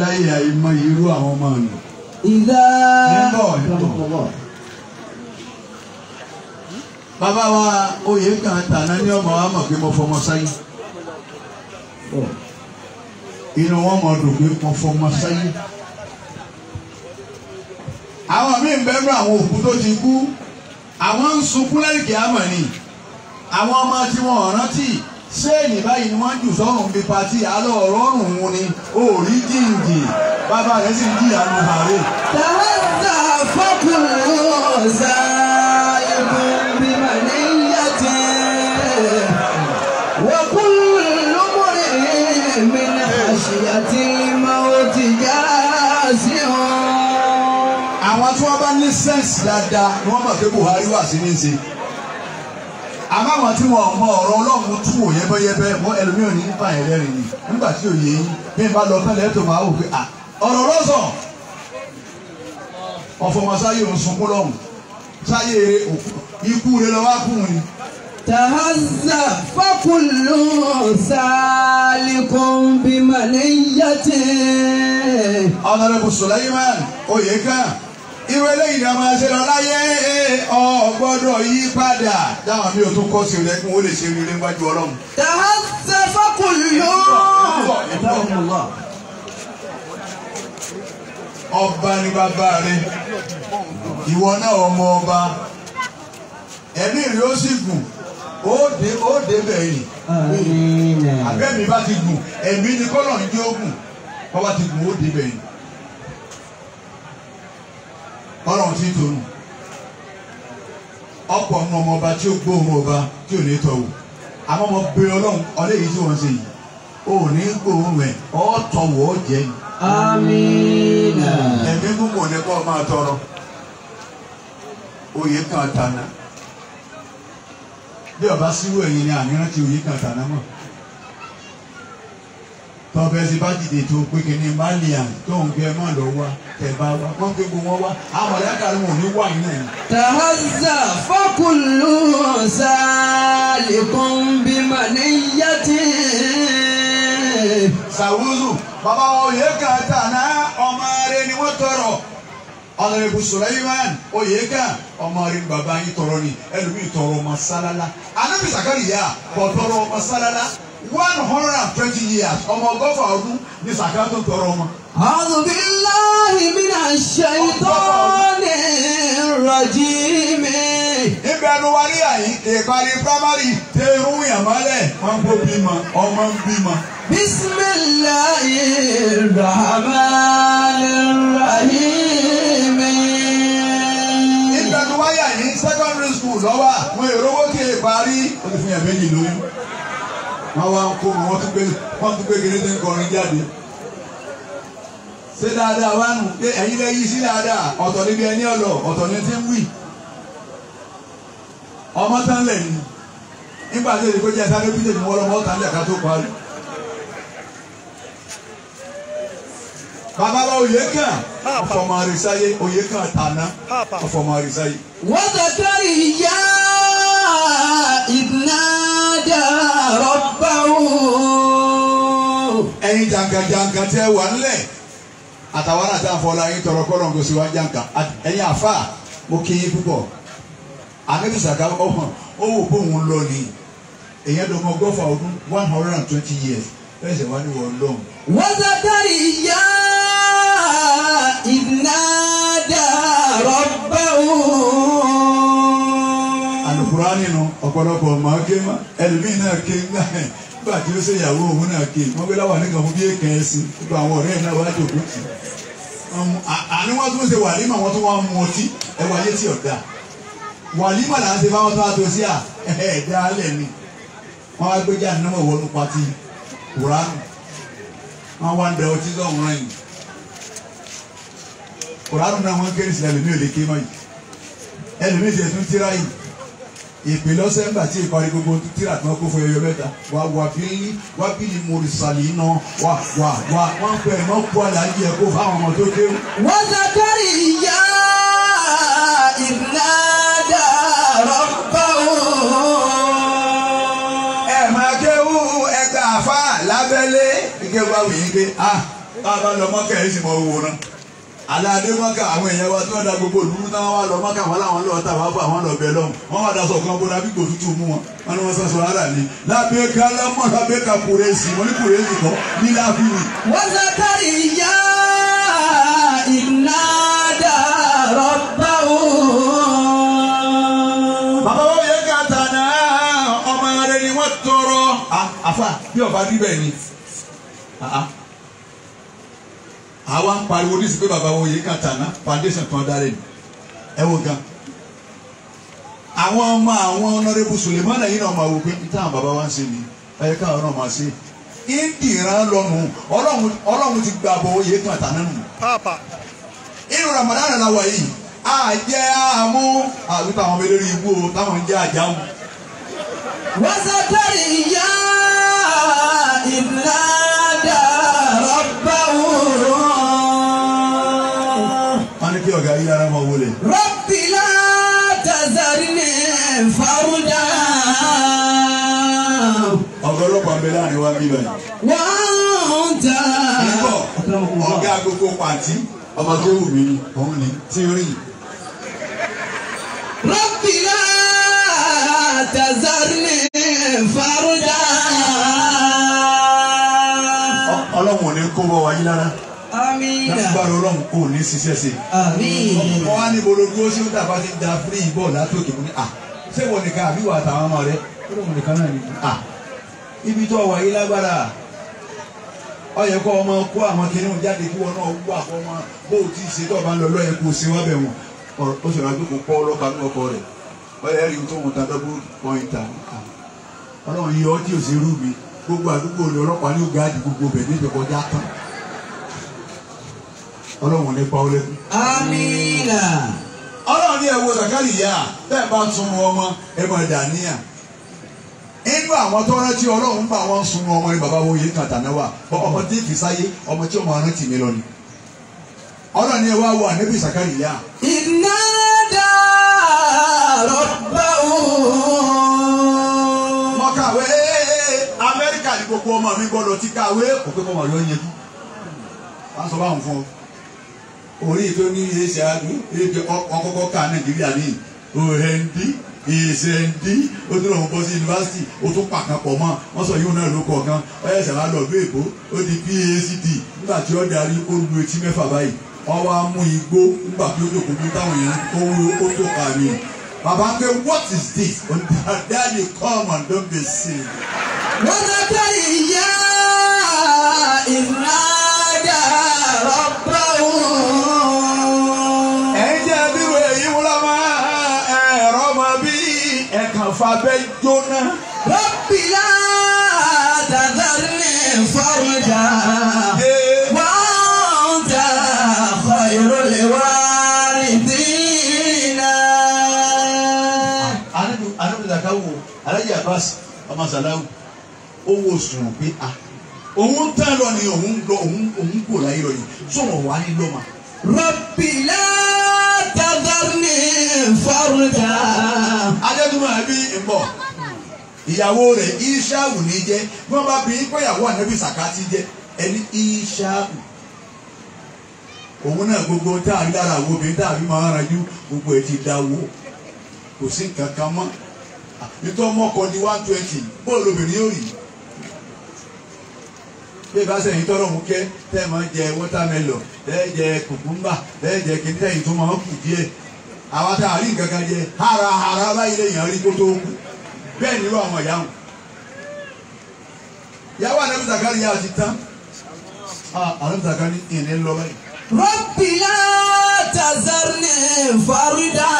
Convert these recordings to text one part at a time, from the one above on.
láyé àìmọ irú àwọn ọmọ nù. ìdá níbọ̀ ẹ̀tọ́. bàbá wa oyè kan tàná ní ọmọ wa mọ̀ pé mo fọmọ sáyé. inú wọn mọ̀ dùn pé mo fọmọ sáyé. àwọn míì ń bẹ́rù àwọn òkú tó ti kú àwọn ń sunkún lẹ́yìn kìámọ̀ ni àwọn ọmọ tí wọn ò rántí ṣéènì báyìí ni wọ́n jù sọ́run bíi patí alọ́ ọ̀rọ̀rùn wọn ni òòrí jíǹdì bàbá rẹ̀ sì ń jìyà ló bàárẹ̀. tàwẹ́tà fọkùnrin ọ̀sà ikùn bí màníyà ti wọ́pọ̀ lómọ́rẹ̀ mi náà àṣìyà tí máa ti já sí wọn. àwọn tí wọ́n bá ní sẹ́ǹsì dáadáa ni wọ́n mọ̀ pé Buhari wà sí ní ṣe àmọ́ àwọn tí wọ́n mọ ọ̀rọ̀ ọlọ́run tún wò yẹ́bẹ́yẹ́bẹ́ wọ́n ẹlòmíràn ní nípa yẹn lẹ́rìn ni nígbà tí òye yín bí n bá lọ pẹ́lẹ́ tó máa wò pé à ọ̀rọ̀ lọ́sọ̀ ọ̀fọ̀ sáyé òun sunkún lọ́hùn sáyé ikú rẹ lọ́wọ́ kùn ni. tàhásà fọkùnlù sálíkùn bímọ níyàtì. ọ̀nàrẹ́bù Sùlẹ́yìmán oyè kan irú eléyìí ni a máa ṣe lọ láyé ọ gbọ́dọ̀ yí padà dáhùn mi ò tún kọ sí ọlẹkùn ó lè ṣe rí níwájú Ọlọ́run. tàà ṣe fọkùnrin yóò. ọba ni bàbá rẹ ìwọ náà ọmọ ọba ẹ̀mí rẹ ó sì gùn ó dé ó dé bẹ̀yìn abẹ́mi bá ti gùn ẹ̀mí ni kọ́lọ̀ ń jó gùn bàbá ti gùn ó dé bẹ̀yìn ọ̀rọ̀ tí ń tónu ọ̀pọ̀ ọmọ ọmọ ọba tí ó gbóhùn ọba tí ò ní tọ̀ wò àmọ́ ọmọ bẹ ọlọ́run ọlẹ́ yìí tí wọ́n ṣe yìí ò ní gbóhùn ẹ̀ ọ́ tọ̀ wò ó jẹ́ ni. amina. ẹ̀mí gúnmọ̀ ní kọ́ máa tọrọ oyè kan tànà bí ọba síwú ẹ̀yìn ni àníran ti oyè kan tànà mọ̀ tọ́bẹ̀ẹ́sì bá dìde tó pé kí ni malian tó ń gbé ẹ má lọ wá tẹ̀ bá wa wọ́n gbé gbogbo wọn wá àwọn mọ̀lẹ́kà ni wọn ò ní wà yín náà. tàhásà fọkùnlù sàlìkùn bímọ níyàtì. sàwùzù bàbá oyè kàtà náà ọmọ rẹ ni wọ́n tọrọ ọlọ́rẹ́bù ni ẹlòmíì tọrọ ọmọ sálálá anábìsàkárìyà bọ̀ tọrọ ọmọ one hundred and twenty years ọmọ ọgọ́fà ọdún ní sàkà tó tọrọ ọmọ. A'udhu billahi minash shaitani rajim. Ibẹ̀ ni wà ní àyín ìparí primary Teru irun ìyàmọ́lẹ̀ wọ́n ń kó bímọ ọmọ ń bímọ. Bismillahi rahmani rahim. Ibẹ̀ ni wáyà ní secondary school lọ́wọ́ àwọn èrò wókè parí. Ó ti fún yàn méjì lóyún wọn wá ń kó tún gbé wọn tún gbé kéré tó kọrin jáde ṣé dáadáa wá nù pé ẹ̀yin lẹ́yìn sí dáadáa ọ̀tọ̀ níbi ẹni ọ̀lọ̀ ọ̀tọ̀ ní ti ń wì ọmọ tán lẹ̀ ní nígbà tó lè kọjá sáré bí tèmi wọ́n lọ́mọ tán lẹ̀ ká tó parí. babalá oyè kan ọ̀fọ̀mọ àrísáyé oyè kan tàná ọ̀fọ̀mọ àrísáyé. wọ́n tọ́ tọ́ ìyá ìdúnádàá rọ́bì ẹ̀yin jàǹkàjàǹkà tẹ wà ńlẹ̀ àtàwọn àti àfọlá yín tọrọ kọlọ̀ kò sí wá jàǹkà ẹ̀yin mo kí yín púpọ̀ ànábì sàkà ó hàn ó lọ ni èyàn ló mọ gọ́fà ọdún one hundred and twenty years ẹsẹ̀ wá ní wọ́n lọ́hùn. wọ́n sàkárì ìyá ìnáda rọ́bà òun. àlùkùránì nínú ọ̀pọ̀lọpọ̀ màá ké má ẹlòmíín náà ké ń gbà yẹn nígbà tí ó ṣe ìyàwó òun náà ké wọ́n gbé láwà nìkan fún bí èèkàn ẹ̀ sí gbogbo àwọn ọ̀rẹ́ náà wájú òkú tì àní wọ́n tún ṣe wàlímà wọ́n tún wá mú ọtí ẹ wá yé tí ọ̀dà wàlímà là ń ṣe fáwọn tó wá tó sí à ẹ̀ẹ́dá alẹ́ ni wọ́n wá gbéjà nínú ìwọ́nú pati kùránù wọ́n wá ń dẹ ọtí sọ̀rọ̀ rẹ̀ yìí kùránù náà wọ́n kéré sí ẹlòmíì ò lè ké mọ́ yìí ẹlòmíì sì ẹ̀ tún tíra yìí ìpè lọ́sẹ̀ ńgbà tí ìparí gbogbo tíra tí wọ́n kó fún ẹyọ mẹ́ta wà wà bíi wà bíi mùrìsàlì iná wà wà wà wọ́n ń pẹ́ ẹ̀ wọ́n kó àlàyé kó fáwọn ọmọ tó dé. wọ́n ti kárí ìyá ìnáda rọ́bà òun. ẹ máa kéwú ẹgbẹ́ àfa lábẹ́lé. ike wa wìí pé ah, a bá lọ mọ́kẹ́ ẹ̀ sì mọ owó náà aláàdé mọ́kà àwọn èèyàn wa tí wọ́n da gbogbo olùdúró táwọn wá lọ mọ́kà wọn làwọn lọ́ọ́ ta bọ̀ àwọn lọ́ọ́ bẹ̀ lọ́hùn wọ́n wá daṣọ kan bóra bí gbòtútù mú wọn wọn ni wọ́n sọ sọ ara ni lábẹ́ ká lámọ́ lábẹ́ ká kùrẹ́sì wọn ní kùrẹ́sì kọ́ ní láfíìrì. wọ́n sọ kárí ìyá ìná dàrọ́ bá bàbá wo yẹ ká tànà ọmọ rẹ ni wọ́n tọrọ. Ah, àfà bí ọba rí bẹ́ẹ̀ ni. Ah, ah. àwa ń pariwo ní ìsìnkú bàbá wo yìí kàn tàná foundation kan dáre ni ẹ wo gan àwọn ọmọ àwọn honorable Suleiman náà máa wò pé bàbá wa ń ni ẹ káwọn náà máa ọlọ́run ti gba àbọ̀ oyi kan tàná nù. inú Ramadan la wà yìí àjẹ àmú àbí táwọn mẹlẹ́rì ibú o táwọn ń jẹ́ àjà mu. wọ́n bẹ láàrin wa bí báyìí. wọ́n ta. níbọ̀ ọ̀gá gbogbo pàtí ọmọ tó wù mí òun ni tí ń rìn. rọ́bìlá tazarni faruda. ọlọ́run ò ní kó bọ̀ wáyé rárá lágbára ọlọ́run kò ní ṣiṣẹ́ ṣe. ọmọ wa ní bolodú ó ṣe ó dàbá ti da fúrí ìbọ̀ látòkè mú ní à ah, ṣé wọ́n nìkan àbí wà àtàwọn ọmọ rẹ̀ ó lóun nìkan náà ní ibi tó wà yí lágbára ó yẹ kó ọmọ kó àwọn kìnìún jáde kí wọn náà wú àwọn ọmọ bó o ti ṣe tó o bá ń lọ lọ́yẹ kó o ṣe wá bẹ̀ wọn ó ṣòro àgbẹ̀ kó pọ́ ọlọ́pàá ní ọkọ rẹ̀ ọ̀yẹ́ rí tó wọn ta double point ọlọ́run yìí ọtí ò sí rú mi gbogbo àdúgbò ni ọlọ́pàá ní ògá àdì gbogbo bẹ̀ níbi kọjá tán ọlọ́run ní pa ọlẹ́kùn. amina. ọlọ́run ní ẹ̀wọ̀ sàkárì yá bẹ́ẹ̀ bá tún ọmọ ẹ̀ máa dà níyà nígbà àwọn tó rántí ọlọ́run gbà wọ́n ọmọ ní bàbá wòye kàtànáwà ọmọ tí kì í sáyé ọmọ tí ọmọ rántí mi lọ ni ọlọ́run ni ẹ iná dá òun. mo kàwé amẹ́ríkà ní gbogbo ọmọ mi gbọ́dọ̀ ti kàwé kò pé kọ́mọ sọ báwọn ọ orí ìṣèǹdí ó tún lọ́wọ́ bọ́ sí yunifásitì ó tún pàkan mọ́ wọ́n sọ yóò náà ló kọ̀ kan ó yẹ sàrà lọ lóò èkó ó di phd nígbà tí ó darí ó lu etí mẹ́fà báyìí wọ́n wá mú igbó nígbà tí ó tó kún táwọn èèyàn tó wú ó tó kà mí. bàbá pé what is this? dáàdi come and don't be seen. wọ́n lọ bẹ̀rẹ̀ ìyá ìlà. fàbẹ́ jóná. rọ́bìlá tàdárí fọ́rọ̀dà wọ́n ta ọ̀kọ̀ ìrọ̀lẹ́ wá nìdínà. anábìdàkà wo alájà abas ọmọ sàláwù owó sùn pé a ah, òun tán lọ ni òun lọ òun kò láyé lọ yìí sọ̀rọ̀ wá ní lọ́mà. rọ́bìlá. wàdàrúnì fọ́rùjà. adékùnmọ̀ àbí ìbọ̀ ìyàwó rẹ̀ ìṣàwù ní jẹ́ bí wọ́n bá bí pẹ́yàwó ànábì sàkátì jẹ́ ẹni ìṣàwù. òun náà gbogbo táàbí lára àwọn obìnrin táàbí máa ń ranjú gbogbo ẹ̀ ti dáwó kò sí nǹkan kan mọ́ di one twenty bóòlù obìnrin bí ìbá sẹ́yìn tọ́rọ̀ mú kẹ́ tẹ́ ẹ̀ máa ń jẹ wọ́támẹ́lọ̀ tẹ́ jẹ kùkúmbà tẹ́ jẹ kìíní tó máa ń kù díẹ̀ àwa tá a rí nǹkan kan jẹ hara hara báyìí lè yàn rí kó tó kù bẹ́ẹ̀ nílò àwọn ìyá wọn. yàwó àdàbí zakari yà á ti tán àdàbí zakari ìní lọ báyìí. rọ́bìlá tazarni farida.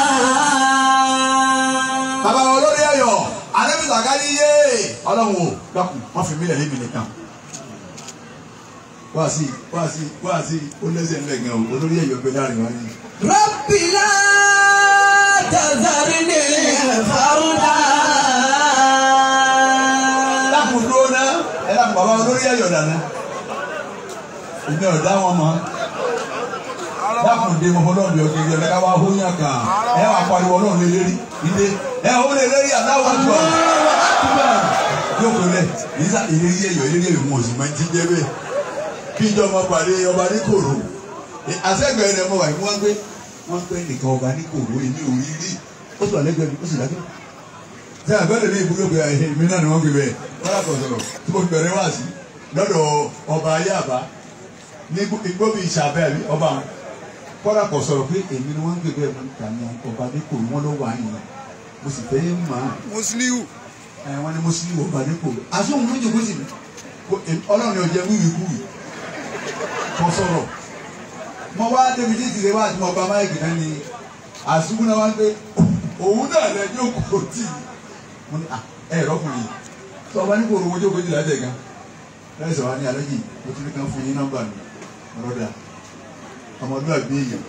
bàbá olórí ẹ̀yọ̀ àdàbí zakari yé ọlọ́run ò dákun wọ́n fi mílẹ̀ wáàsí wáàsí wáàsí ó lẹ́sẹ̀ ńlẹ̀ gan o olórí ẹ̀yọ́ pé láàrin wá ní. rọ́bìlá tàzárí ní fàrúdà. lápò dúró náà ẹ lápò bàbá olórí ẹ̀yọ́ dáná èmi ọ̀dá wọn mọ́ lápò dé mọ́ ọlọ́run yóò kékeré ẹ̀ka wá hóyàn kan wà pariwo ọlọ́run lé lérí ilé ẹ ó lè lérí àtàwọn tó yóò pè lẹ ìrírí ẹ̀yọ́ ìrírí ẹ̀yọ́ mo sì máa ń jí jẹ́ bẹ́ẹ̀ kí ìjọba pàdé ọba ní kòró àṣẹgbẹ̀ẹ́ rẹ̀ mọ̀ wáyé wọ́n gbé wọ́n gbé nìkan ọba ní kòró èmi ò rí rí ó sì wà lẹ́gbẹ̀ẹ́ mi ó sì dákẹ́. ṣé àbẹ̀rẹ̀ ní ìbúgbé pé ẹ̀hìn mi náà ni wọ́n gbé bẹ́ẹ̀ wọ́n rà sọ̀rọ̀ tí mo fi bẹ̀rẹ̀ wá sí lọ́dọ̀ ọba ayáàbá ní igbóbi ìṣàbẹ̀ àbí ọba wọn kọ́ra kọ̀ sọ̀rọ̀ pé èmi ni wọ́n gbé bẹ́ẹ̀ mọ́ níta ni ọba ní kòró wọn ló wà yẹn mo sì fẹ́ mọ́ a. mùsùlùmí wọn ni mùsùlùmí ọba ní kòró àsóhun lójú kó sì ọlọ́run ọ̀jẹ̀ wíwí kúwì mo sọ̀rọ̀ mo wá débi tí ìdílé wa àti mo gba máìkì náà ni àṣùkú náà wá ń pé òun náà lẹ ní òkú tì í mo ní ẹ rọkùnrin tí ọba ní kò rówó jókòó jìlá tẹ̀ gan láìsọ̀ wa ní alájì mo ti ní kan fún yín nọ́mbà mi ọ̀rọ̀dà ọmọdúnrà bí èèyàn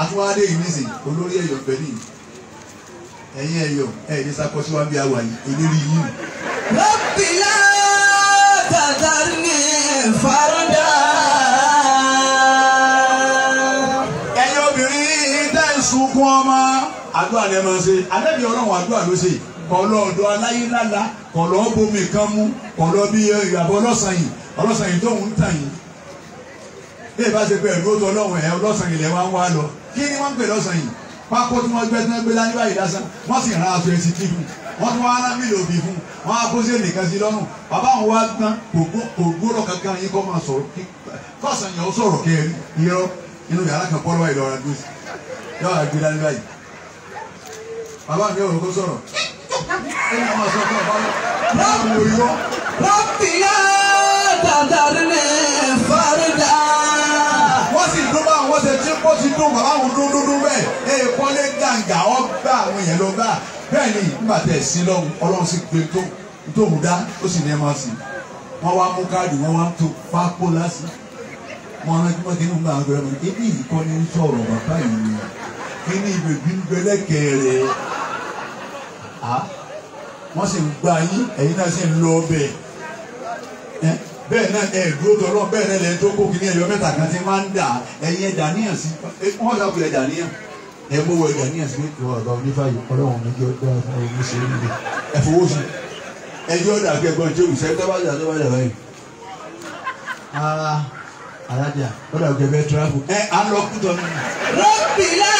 atúwádé yìí nísìn olórí ẹ̀yọ̀ bẹ́ẹ̀ nìyí ẹ̀yin ẹ̀yọ̀ ẹ̀yin sakọ́sí wa bí a wà yìí eléré yìí. lọ́pìlá tàdá ní fàrọ́dà. ni ẹ máa ń ṣe anábì ọlọ́run àdúrà ló ṣe kọ̀ọ̀lọ́ ọ̀dọ́ aláyé lálá kọ̀ọ̀lọ́ bomi kan mú kọ̀ọ̀lọ́ bí ìyàbọ̀ ọlọ́sàn yìí ọlọ́sàn yìí tóun ń tàn yìí bí ìbá ṣe pé ẹ̀rú tó ọlọ́run ẹ̀ ọlọ́sàn yìí lẹ̀ wá ń wá lọ kí ni wọ́n ń pè lọ́sàn yìí pákó tí wọ́n gbé tí wọ́n gbé láyé báyìí lásán wọ́n sì ra aṣọ ẹtì kí fún wọ́n tún wá rán mílò òbí fún wọ́n á kó sí ènìkan sí lọ́rùn bàbá àwọn wá tán kò gbúrò kankan yín kọ́ máa sọ̀rọ̀ kọ́sàn yìí ó sọ̀rọ̀ kẹ́rin irọ́ inú yàrá kan pọ́ lọ́wọ́ ìlọrin dùn yọ̀ọ́ àgbélá báyìí bàbá mi ò rò kó sọ̀rọ̀ ẹni àwọn sọ fún ọba náà wọ́n wò yọ. rọ́bìyà dàdàrí ni fárídà. wọ́n sì dún bá àwọn ṣe tí wọ́n ti dún bàbá àwọn dún dún dún bẹ́ẹ̀ ẹ̀ pọ́nlé gàǹgà ọgbà àwọn èèyàn ló bá bẹ́ẹ̀ ni nígbà tẹ̀ sí lọ́hùn ọlọ́run sì gbé tó tóhùn dá ó sì ní ẹ máa sìn wọ́n wá mú káàdì wọ́n wá tó pákó lásì wọ́n rántí mọ́tínú gbàgbé rẹ̀ mọ́ ebi ìkọ́ni ń sọ̀rọ̀ bàbá ìlú kí ni ìbèbí ń bẹ lẹ́kẹ̀ẹ́rẹ́ wọ́n sì ń gba yín ẹ̀yin náà sì ń lọ bẹ́ẹ̀ bẹ́ẹ̀ náà ẹ̀ dúró tọ́lọ́ bẹ́ẹ̀ náà lẹ́yìn tó kó kí ní ẹ̀yọ mẹ́ta kan ti máa ń dà ẹ̀yin ẹ̀dà níyàn sí wọ́n sàkó ẹ̀dà níyàn ẹ̀ mọ́wọ́ ẹ̀dà níyàn sí ìwà ọ̀gá onífàyè ọlọ́run mi jọ dá ọmọ sí ẹ̀yìn rẹ̀ ẹ̀ fowó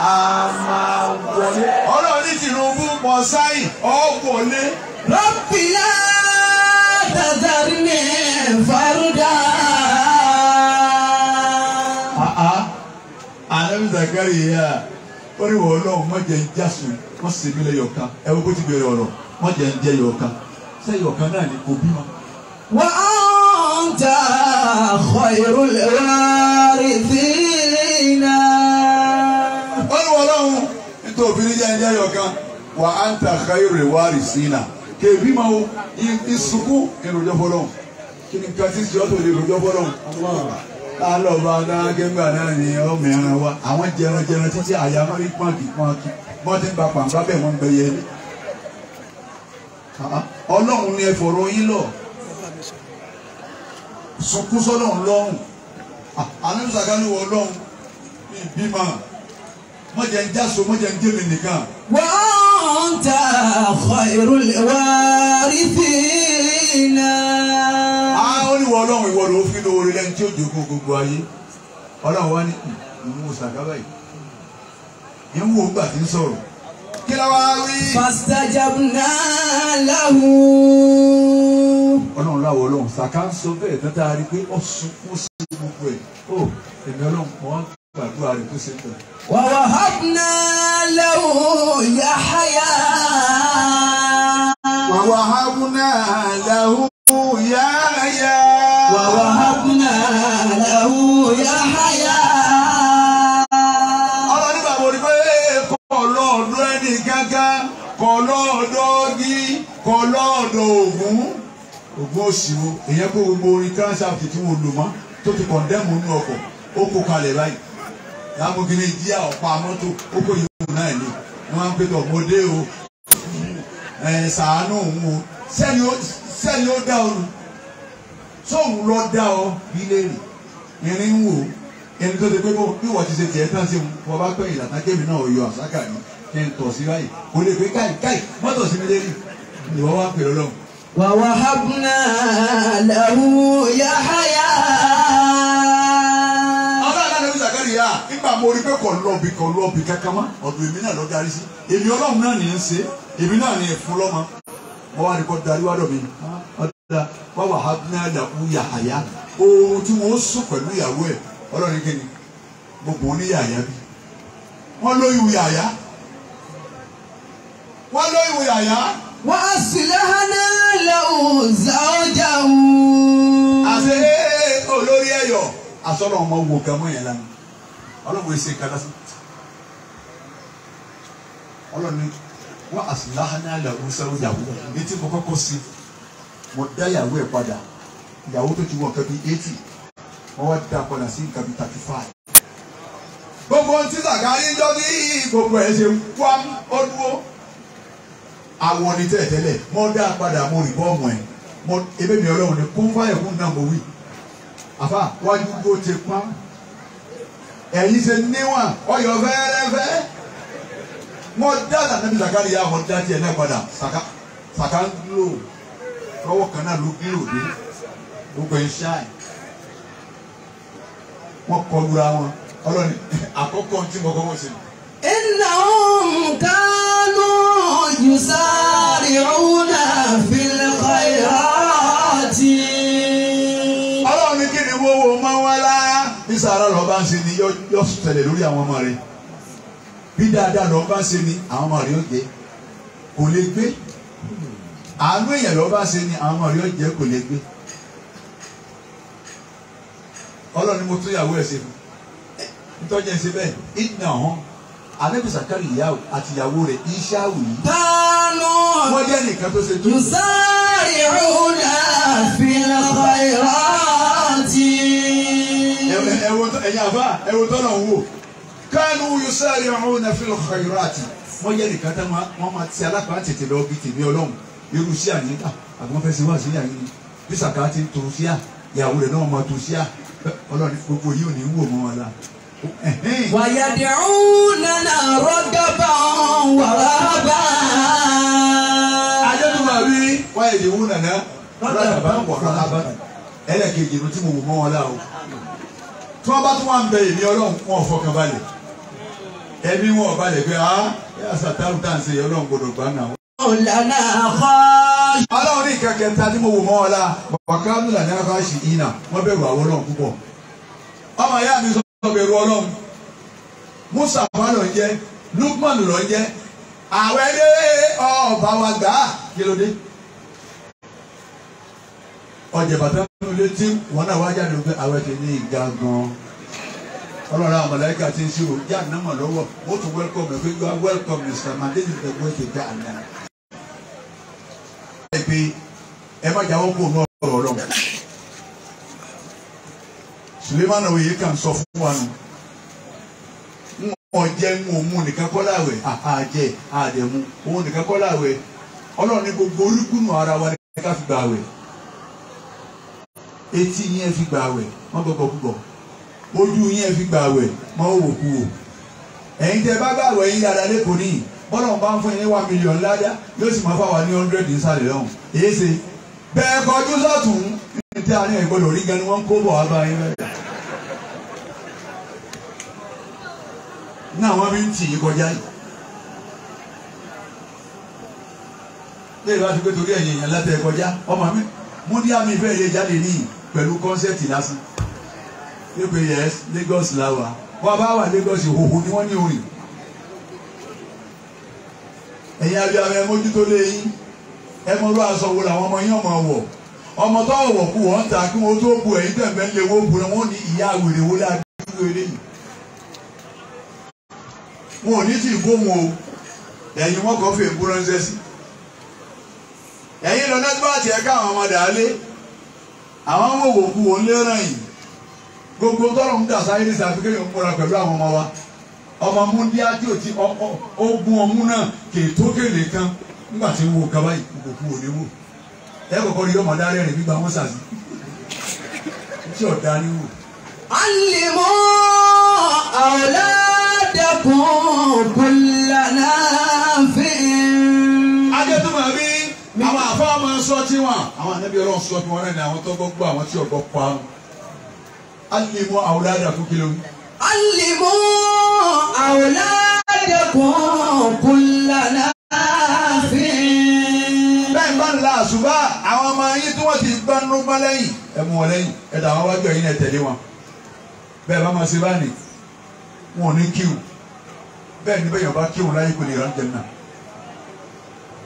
a máa wọlé ọlọ́run ní Tinubu mọ̀ọ́sáì ọ̀ wọlé. rọ́pìlá tàtàrí ní fàrúdà. Ànábì Zakariya ó ní wọ́n lọ́wọ́ má jẹ́ ń jásùn má sì mí lẹ́yọ̀ kan ẹ wo bó ti bẹ̀rẹ̀ ọ̀rọ̀ má ń jẹ́ yọ̀ kan sẹ́yọ̀ náà ni kò bímọ. wà á ń ta khairul warithina ọlọ́run nítorí obìnrin jẹ́ ẹ̀jẹ̀ yọ̀kan wà á ń ta káyọ̀rọ̀ ìwárì sínà kèbí máa wo ìsìnkú ìròjọ́ fọlọ́run kí ni kàtí ìjọ tó lè ròjọ́ fọlọ́run alọba adágẹ́gbà náà ni ọmọ ẹran wa àwọn jẹran jẹran títí àyà máa ń pọ́n kí pọ́n kí wọ́n ti ń gba pàǹpá bẹ́ẹ̀ wọ́n ń gbẹ yẹlé ọlọ́run ni ẹ fọ̀rọ̀ yín lọ sunkún sọ́lọ́run lọ́rùn àníṣàkánú wọ ọlọ́run bíi bímọ mọ̀jẹ̀ ń jáso mọ̀jẹ̀ ń jẹ́mi nìkan. wọ́n ta khairul warithina. a ó ní wọ ọlọ́run ìwọ ló fi lóore lẹ́ni tí ó jogún gbogbo ayé ọlọ́run wá ní ìmú sàkábà yìí ń wo gbà tí ń sọ̀rọ̀ kí la wá rí. fastajabna lahu. ọlọ́run láwọ ọlọ́run sàká ń sọ bẹ́ẹ̀ tán tá a rí pé ọ̀sùn kó sí gbogbo ẹ̀ ó èmi ọlọ́run mọ́ ووهبنا له يحيى ووهبنا له يحيى ووهبنا له يحيى ọlọ́run bàbá òní pé kọ́ lọ́ọ̀dọ́ ẹnì kankan kọ́ lọ́ọ̀dọ́ ọgí kọ́ lọ́ọ̀dọ́ ògún ògún òṣìwò èyàn kó gbogbo orin kan ṣàfihàn tí lò mọ́ tó ti kọ̀ndẹ́mù nínú ọkọ̀ ó kó kalẹ̀ báyìí lámúgínní díà ọ̀pá mọ́tò kókó ìhòòhùn náà ni wọ́n á pè tọ̀ mo o ẹ̀ sàánú òun o sẹ́ni ó dá ọ̀run sóun lọ dá ọ nílé rè irin ń ẹni tó ti pé bí wọ́n ti ṣe tiẹ̀ tán sí wọn bá pẹ́ ìlànà kébì náà yọ àsákà ni kí n tọ̀ sí báyìí kò lè pé káì káì mọ́tò sí mi lérí ìwọ wá pè lọ́lọ́run. ووهبنا له يحيى yá nígbà mo rí pé kò lọ́ọ̀bì kò lọ́ọ̀bì kankan mọ́ ọ̀dọ̀ èmi náà lọ darí sí èmi ọlọ́run náà nìyẹn ṣe èmi náà nìyẹn fún lọ́mọ mo wá ní darí wá dọ̀ mí ah, ọ̀dà wà wà á ní àdàkú yàhàyà oorun tí wọ́n sùn pẹ̀lú ìyàwó ẹ̀ ọlọ́run kí ni gbogbo ní yàhàyà bí wọ́n lóyún yàhàyà wọ́n lóyún yàhàyà. wọ́n á sì lẹ́hánà lẹ́hùn olórí ẹ̀yọ̀ àsọ̀rọ̀ ọmọ wò kẹ́mọ́ yẹn lánàá ọlọ́run èsì ìkàdá sí ọlọ́run ní wọ́n àsìláhánà ìyàwó sẹ́wọ́ ìyàwó etí mo kọ́kọ́ sí mo dá ìyàwó ẹ̀ padà ìyàwó tó ti wọ̀ nǹkan eighty wọ́n wá dá padà sí nǹkan thirty five. gbogbo tí sàkárí jọ ní gbogbo ẹ̀ ṣe wá ó dúró àwọn ní tẹ̀tẹ̀lẹ̀ mo dá padà mo rí bọ́ọ̀mù ẹ̀ mo ebémi ọlọ́run ní kún fáyọ̀ kún náà wí àfa wájú tó ti pọ́n ẹ̀yin ṣe níwọ̀n ọyọ fẹ́ẹ́rẹ́fẹ́ wọ́n dá ànábì Sàkárì yà wọ́n dá tiẹ̀ náà padà sàká ń lò lọ́wọ́ kan ló ń lò dé gbogbo ẹ̀ ṣáà wọ́n kọlu ra wọn ọlọ́ni àkọ́kọ́ tí mo kọ́kọ́ sí. iná òǹkà ló yùsàárì òun náà fi lè kọ́ ìhà. dáadáa lọ bá ń ṣe ni yọ tẹ̀lé lórí àwọn ọmọ rẹ bí dáadáa lọ bá ń ṣe ni àwọn ọmọ rẹ yóò jẹ kò lè gbé àánú èèyàn lọ bá ṣe ni àwọn ọmọ rẹ yóò jẹ kò lè gbé ọlọ́ni mo tún yàwó ẹ̀ ṣe fún nítorí ẹ̀ ṣe bẹ́ẹ̀ ìdìnnà hàn anabi zakari ìyàwó àti ìyàwó rẹ̀ ìṣàwù yìí. dáná wọ́n nìkan tó ṣe tó. yusari rúdà fil khairati ẹ̀yin àbá ẹ̀wò tọ́nà ń wò kánú yusari'una fil khairati wọ́n yẹ nìkan tẹ́ wọ́n máa ti alápá tètè lọ bí tèmi ọlọ́run irú sí àyíká àgbọn fẹ́ wá sí àyíká bí sàkà ti ń tòun sí à ìyàwó rẹ̀ náà máa tòun sí à ọlọ́run gbogbo yìí ò ní wò mọ́ wọn la. wàyàdìrúnana rọ́gàbà wàràbà. wàràbà ẹlẹ́kejì ló tí mo wò mọ́ wọn la o tí wọ́n bá tún wà ń bẹ èmi ọlọ́run wọn fọkàn balẹ̀ ẹ̀mí wọn balẹ̀ pé a ah, yà sàtàrù tá à ń ṣe ọlọ́run gbọdọ̀ gbà náà. ọ̀làna kọ́. ọlọ́run ní ìkẹ́kẹ́ ta ni mo wò mọ́ ọ la wàkàtú làní akáṣì ìnà wọ́n bẹ̀rù àwọn ọlọ́run púpọ̀ ọmọ ìyá mi sọ bẹ̀rù ọlọ́run musa falọ jẹ lukman lọ jẹ àwọn ẹgbẹ́ ọba ọjà bàtà nínú létí wọn náà wá jáde pé àwọn ti ní ìga gan ọlọ́run àwọn mọ̀lẹ́kà ti ń ṣe o yá nàmọ̀ lọ́wọ́ ó tún welcome ẹ̀ pé you are welcome Mr. mandate is the way to get an air. ẹ pé ẹ má jáwọ́ kó mọ́ ọ̀rọ̀ ọlọ́run Suleiman oyè kan sọ fún wa nù ọjẹ ń wo mu nìkan kọ́ láwẹ̀ àjẹ àdẹ̀mu òun nìkan kọ́ láwẹ̀ ọlọ́run ní gbogbo orúkúnù ara wa ní ká fi gbà wẹ̀ etí yín ẹ fi gbà wẹ̀ mọ́ gbọ́gbọ́ gbọ́ ojú yín ẹ fi gbà wẹ̀ mọ́ òwò kú o ẹ̀yin tẹ́ bá gbà wẹ̀ yín dáadáa lẹ́kọ̀ọ́ nìyí bọ́lá ń bá ń fún yín ní one million ládá yóò sì máa fà wá ní hundred nísàlẹ̀ lọ́hùn èyí ṣe bẹ́ẹ̀ kọjú sọ́tún ní tí a ní ìgbọ́dọ̀ rí gan ni wọ́n ń kó bọ̀ wá bá yín lẹ́yìn. náà wọ́n fi ń tì í kọjá yìí. lẹ́yìn bá ti búdíàmì fẹ́ yẹ jáde ní pẹ̀lú kọ́nsẹ́ẹ̀tì lásán nípe yẹs Lagos làwà wọn bá wà Lagos ìhòhò ni wọ́n ní orin ẹ̀yin abiyamọ ẹ mójútó léyìn ẹ mọ ló aṣọ wo làwọn ọmọ yín ọmọ wọ ọmọ tó wọ̀ kú wọ́n ta kí wọ́n tó bu ẹ̀yin tẹ̀mẹ́ lé wọ́n bu wọn ní ìyá wèrè wọlé adúgbò eléyìí wọn ò ní sì bó o ẹ̀yin wọn kọ́ fèé kú ẹ̀yin lọ nẹ́tíwáàtì ẹ̀ka àwọn ọmọ dàálé àwọn ọmọ òwòkú wọn lé ràn yìí gbogbo tọrùn ń dà sáyé ní sàfikẹ́ yìí múra pẹ̀lú àwọn ọmọ wa ọmọ múndíá tí o ti ogun ọmú náà kètò kèlè kan nígbà tí wo kaba yìí òkú òní wò ẹ kọ̀kọ́ rí ọmọ dárẹ́ rẹ̀ gbígbà wọn sàbí tí ọ̀dá ni wò. alìmọ́ ọ̀làdàkùn kùlànà fíìn. ajẹ́tùmọ̀ bíi àwọn àfáà máa ń sọ tí wọn àwọn ànábì Ọlọ́run sọ tí wọn náà ni àwọn tó gbọ́ gbọ́ àwọn tí ọgbọ pa á alimu awladakum kilo. alimu awladakum kullana fi. bẹ́ẹ̀ bá ń la àṣùbà àwọn ọmọ yín tí wọ́n ti gbanú gbọ́n lẹ́yìn ẹ mú wọn lẹ́yìn ẹ dà wájú ẹ̀yìn ẹ wọn bẹ́ẹ̀ bá máa ṣe báyìí wọn ò ní kíw bẹ́ẹ̀ ni bẹ́ẹ̀ yọ̀ọ́ bá kíw láyé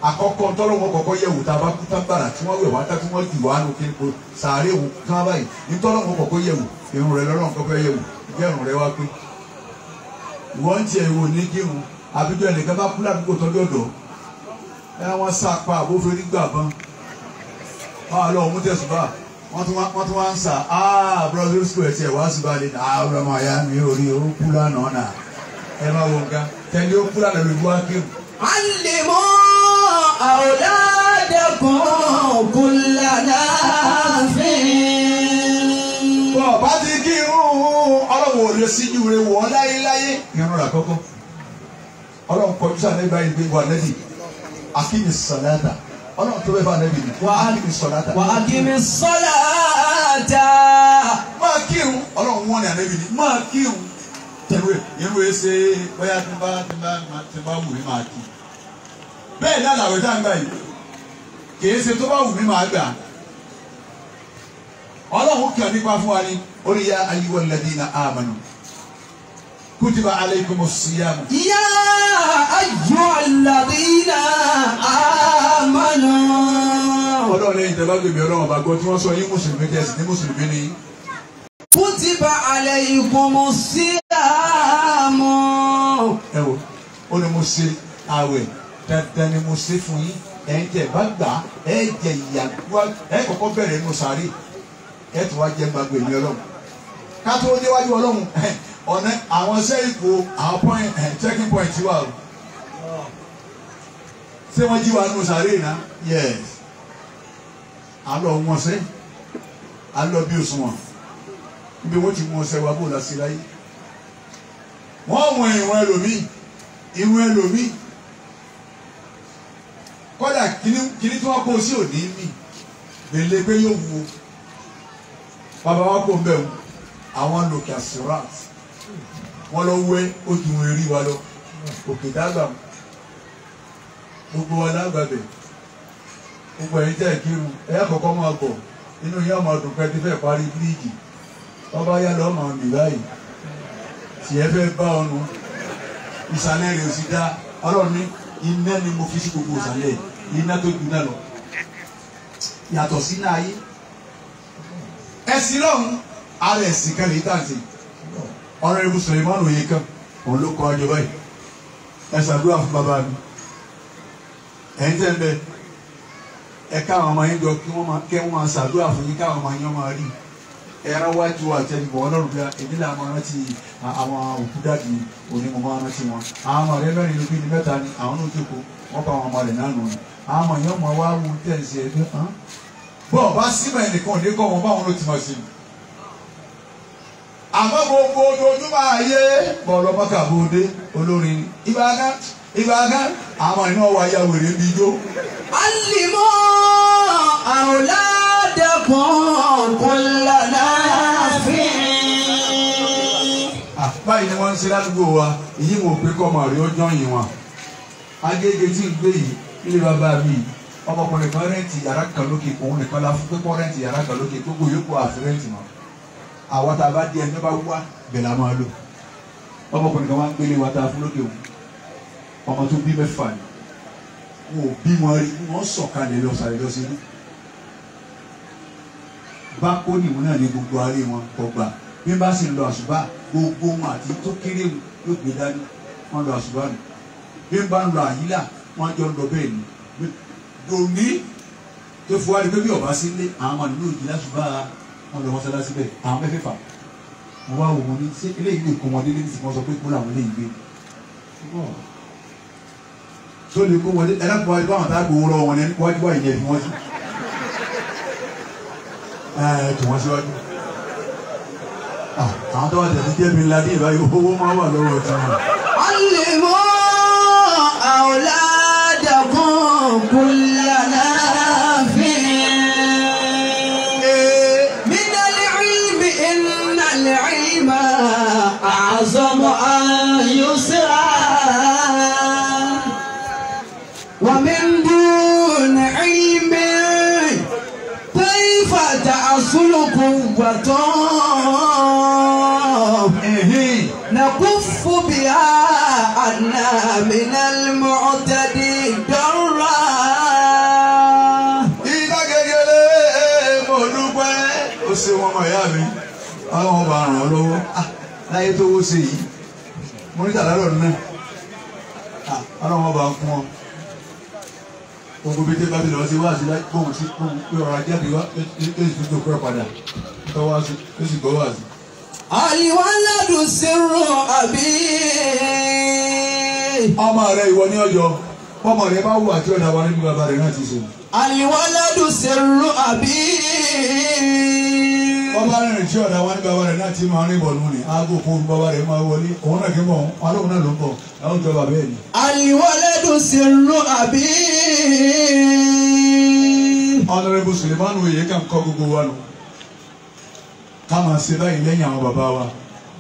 akọkọ tọrọ ụmụ kọkọ wò tá a bá kú tán gbàrà tí wọ́n wẹ̀ wá tá tí wọ́n jù nù kí sàárè wò kán báyìí ní tọ́lọ́wọ́ kọ́kọ́ yẹ̀ wò irun rẹ lọ́rùn kọ́kọ́ yẹ̀ wò jẹ́rùn rẹ wá pé ìwọ́n ń wò ní bá kú ládùúgbò ẹ sá pa àbófẹ́rí gbà bán wọ́n á lọ ọ̀hún bá wọ́n tún wá ń wá sí náà mi ò rí kú lánàá náà ẹ má ó أولادكم كل ناف bọ́ ọba ti kí irun ọlọ́wọ́ ò lè síjú rẹ̀ wọ́ láyéláyé. irun rẹ̀ àkọ́kọ́ ọlọ́run kọjú sáà nígbà yìí gbé wà lẹ́yìn akíní sọ̀láta ọlọ́run tó bẹ́ẹ̀ fà lẹ́yìn ni wà á kíní sọ̀láta. wà á kíní sọ̀láta bẹ́ẹ̀ náà làwẹ̀ tá ń gbà yìí kìí ṣe tó bá wù mí máa gbà ọlọ́run kàn nípa fún wa ni ó ní ya ayyuhal ladina amanu kutiba alaykumus siyam. ya ayyuhal ladina amanu. ọlọ́run lẹ́yìn tẹ́ bá ọlọ́run bá gbọ́ tí wọ́n sọ yín mùsùlùmí jẹ́ ní mùsùlùmí ni. kutiba alaykumus siyamu. ẹ wo ó ní mo ṣe àwẹ̀ dandan ni mo ṣe fún yín ẹ̀ ń jẹ bá gbà ẹ̀ jẹ ìyàgbọ́ ẹ̀ kọ́kọ́ bẹ̀rẹ̀ inú sàárè ẹ̀ tó wá jẹ gbàgbé mi ọlọ́run ká tó níwájú ọlọ́run ọ̀nà àwọn sẹ́yìn kò àwọn checking point wà o ṣé wọ́n jí wa nù sàárè náà yes alọ́ wọn sẹ́ alọ́ bí òṣùwọ̀n níbi wọ́n ti mú ọsẹ̀ wa bó la sí láyé wọ́n mọ ìwọ̀n ẹlòmíì ìwọ̀n ẹlòmíì kódà kíní kíní tí wọ́n kó sí òní mì gbèlè pé yóò wu bàbá wa kó mbẹ́ o àwọn lòkè àsìrát wọ́n lọ wé ojú wọn rí wa lọ òkè dàgbà gbogbo wa dàgbà bẹ̀ gbogbo ẹ̀yin tẹ̀ kírun ẹ̀yà kọ̀ọ̀kan máa bọ̀ inú yẹn ọmọ ọdún pẹ́ ti fẹ́ parí bíríìjì ọba yá lọ́ máa mì báyìí tiẹ̀ fẹ́ bá ọ nù ìsàlẹ̀ rẹ̀ o sì dá ọlọ́run ní iná ni mo fi sí gbogbo ìsàlẹ̀ yìí iná tó jù náà lọ yàtọ̀ sí náà yé ẹ̀sìn lọ́hùn ara ẹ̀sìn kan lè tàǹtì ọ̀rọ̀ ibùsùn Suleiman òye kan òun ló kọ́ ọjọ́ báyìí ẹ ṣàdúrà fún bàbá mi ẹ̀yin tẹ́ ń bẹ ẹ káwọn ọmọ yín jọ kí wọ́n máa ṣàdúrà fún yín káwọn ọmọ yín máa rí i wájú àtẹnubọ̀ ọlọ́run bíi èmi là máa rántí àwọn òkúdàbí onímọ̀ máa rántí wọn àwọn ọmọ rẹ mẹ́rin ló bí ní mẹ́ta ni àwọn náà jókòó wọ́n bá wọn ọmọ rẹ̀ náà nù ní àmọ̀ yẹn mọ̀ wá wù tẹ̀sí ẹ̀dùn hàn bọ́ ọba símọ̀ ẹnìkan òní kọ́ wọn báwọn ló ti mọ̀ sí i. àmọ́ gbogbo ojoojúmọ́ ayé bọ̀ọ̀lọ́ mọ́kàbọ̀dé olórin ìbáná ìbáná àmọ̀ iná wa ya wèrè bí ijó. alìmọ́ àwòládẹ́kùn kúnlọ́lá fi. báyìí ni wọ́n ń ṣe ládùúgbò wa èyí wò pé kọ́mọ̀ rí ọjọ́ yìí wọn agége tí ń gbé yìí ilé bàbá mi ọmọkùnrin kan rẹ́ǹtì yàrá kan lókè òun nìkan la fún pípọ́ rẹ́ǹtì yàrá kan lókè gbogbo yòókù àti mọ́ àwọn tá a bá díẹ̀ ní wá bẹ̀ la máa lò ọmọkùnrin kan wá ń gbélé wa tá a fún lókè òun ọmọ tó bí mẹ́fà ni wọn ò bí wọn rí wọn sọ̀kalẹ̀ lọ sàlẹ̀ lọ sínú bákónì wọn náà ní gbogbo ayé wọn kọgbà bí bá sì lọ àṣùbà gbogbo wọn àti tó kéré wọn yóò gbé dání wọn lọ àṣùbà nù bí bá ń lọ àyílà wọn àjọ ń lọ bẹ́ẹ̀ ni dòní tó fi wá bí ọba sí ilé àwọn ọmọ nínú ìjìlá ṣùgbọ́n wọn lọ mọ́sálásí bẹ́ẹ̀ àwọn mẹ́fẹ̀ẹ̀fà mo wá wò wọn ní ṣé eléyìí lè kó wọn délé ní ṣùgbọ́n sọ pé kó làwọn eléyìí gbé tó lè kó wọlé ẹlẹ́kùn wájú báwọn táàgbò wúrọ̀ wọn ní wájú wáyé yẹn wọ́n sí ẹ̀ tó wọ́n síwájú ah, àwọn tó wà tẹ̀sí jẹ́ mi ládé ìbáyé owó máa wà lọ́wọ́ ẹ̀ كلنا من العلم العلم إن أعظم ومن دون علم كيف نكف بها عنا من ال ọlọ́wọ́n bá ràn án lọ́wọ́ ah, láyé tó wó sí yìí mo ní tàlálọ̀ náà ah, ọlọ́wọ́n bá fún ọ gbogbo bíi tẹ́lá bíi lọ sí wáàsí bóun sí bóun pé ọ̀rọ̀ ajá bíi wá èsì tó tó kúrò padà tó wá sí èsì gbọ́ wáàsí. àyíwá ládùn sírò àbí. ọmọ rẹ ìwọ ní ọjọ́ ọmọ rẹ bá wù àti ọ̀dà wa nínú bàbá rẹ náà ti sè. àyíwá ládùn sírò àbí ọba rìnrìn tí ọ̀dà wọn ní bàbá rẹ̀ láti máa rìn bọ̀ lónìí aago kó bàbá rẹ̀ máa wọlé òun náà kí n bọ̀ alóhùn náà ló ń bọ̀ àwọn ìjọ bàbá ẹ̀ ni. àlìwọlẹ́dùn sí rú àbí. ọ̀nàrẹ́bù Sulemanu yìí kàn kọ́ gbogbo wa nù ká ṣe báyìí lẹ́yìn àwọn bàbá wa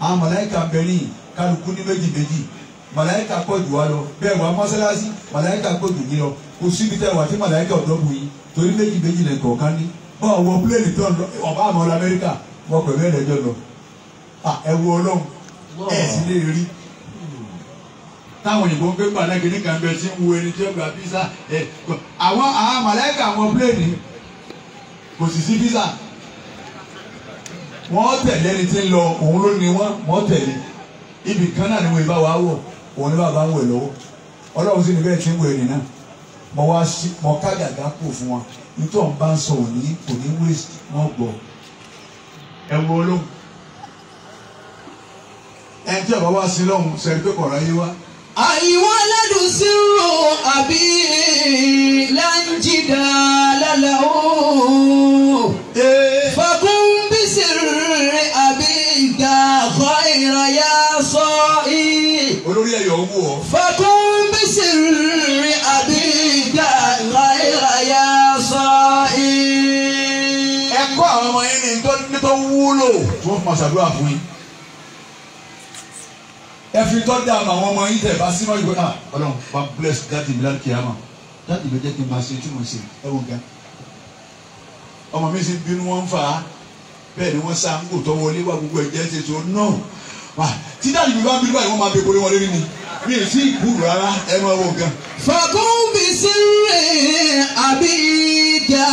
àwọn màláìka bẹ̀rẹ̀ kálukú ní méjì méjì màláìka pọ̀ jù wá lọ bẹ́ẹ̀ wà tí wọn wọ pílẹ̀nì tó ń lọ ọba àmọ́ ọ̀la Amẹ́ríkà wọn pẹ̀lú ẹ̀ẹ́dẹ́jọ́ lọ ẹ wo ọlọ́run ẹ̀ sì lè rí táwọn òyìnbó ń gbé gbàdágé ní kàmbẹ́ tí ń wo ẹni tí ó gba físà ẹ̀ àwọn àwọn màláìkà àwọn pílẹ̀nì kò sì sí físà wọ́n tẹ̀lé ẹni tí ń lọ òun ló ní wọ́n wọ́n tẹ̀lé ibì kan náà ni wọ́n ibà wà wọ̀ òun ni bàbá ń wẹ̀ lọ́wọ́ ọlọ́run sì ní bẹ́ẹ̀ tí ń wẹ̀ nínà mo wá sí mo ká gàgá kù fún wọn nítorí wọn bá ń sọ òní kò ní waste wọn gbọ́ ẹ wo olóhùn ẹni tí ọba wá sí lọ́hùn sẹ́ni pé kọ̀ọ̀rọ̀ ayé wá. àyíwá lẹ́dùn sí rò àbí láǹjìdá lálẹ́ òun. fagún bí kọ́ àwọn ọmọ yẹn ní nítorí tó wúlò tí wọ́n fi máa ṣàdúrà fún yín. ẹ fi tọ́ da àwọn ọmọ yín tẹ̀ bá sí mọ́ ìgbẹ́ náà ah, ọlọ́run bá bless dáàdì mi láti kíyàmá dáàdì mi jẹ́ kí n máa ṣe tí mo ṣe ẹ wò ga. ọmọ mi sì bínú wọn fà á bẹ́ẹ̀ ni wọ́n sá ń gbòtọ́ wọlé wá gbogbo ẹ̀jẹ̀ ṣe tó náà tí dáàdì mi bá bínú báyìí wọ́n máa bẹ mi ì sí ìkúrò rárá ẹ máa wo gan. fàkúnbí sílẹ̀ àbí ìjà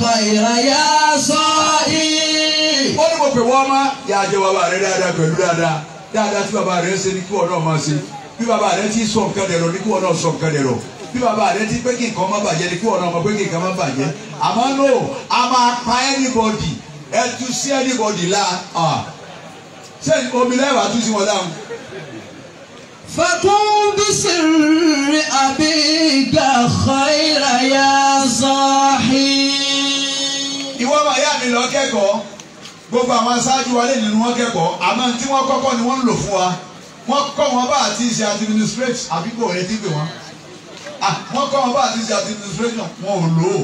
fàyàyà sọ yìí. ó ní mo pè wọ́n má yà á jẹ bàbá rẹ dáadáa pẹ̀lú dáadáa dáadáa tí bàbá rẹ ń ṣe ní kí wọ́n náà máa ṣe bí bàbá rẹ ti sọ nǹkan dẹ̀rọ ní kí wọ́n náà sọ nǹkan dẹ̀rọ bí bàbá rẹ ti pé kí nǹkan má bàjẹ́ ni kí wọ́n náà mọ̀ pé kí nǹkan má bàjẹ́ àmọ́ no a máa pa anybody ẹ tu sí anybody la ṣé omi lẹ́wàá tu sí wọn láwọn. فقوم بسر أبيك خير يا صاحي ìwọ ọmọ ìyá mi lọ kẹ́kọ̀ọ́ gbogbo àwọn aṣáájú wa lè nínú wọn kẹ́kọ̀ọ́ àmọ́ tí wọ́n kọ́kọ́ ni wọ́n ń lò fún wa wọ́n kọ́ wọn bá àti ṣe administrate àbíkò rẹ ti gbè wọ́n wọ́n kọ́ wọn bá àti ṣe administration wọn ò lò ó.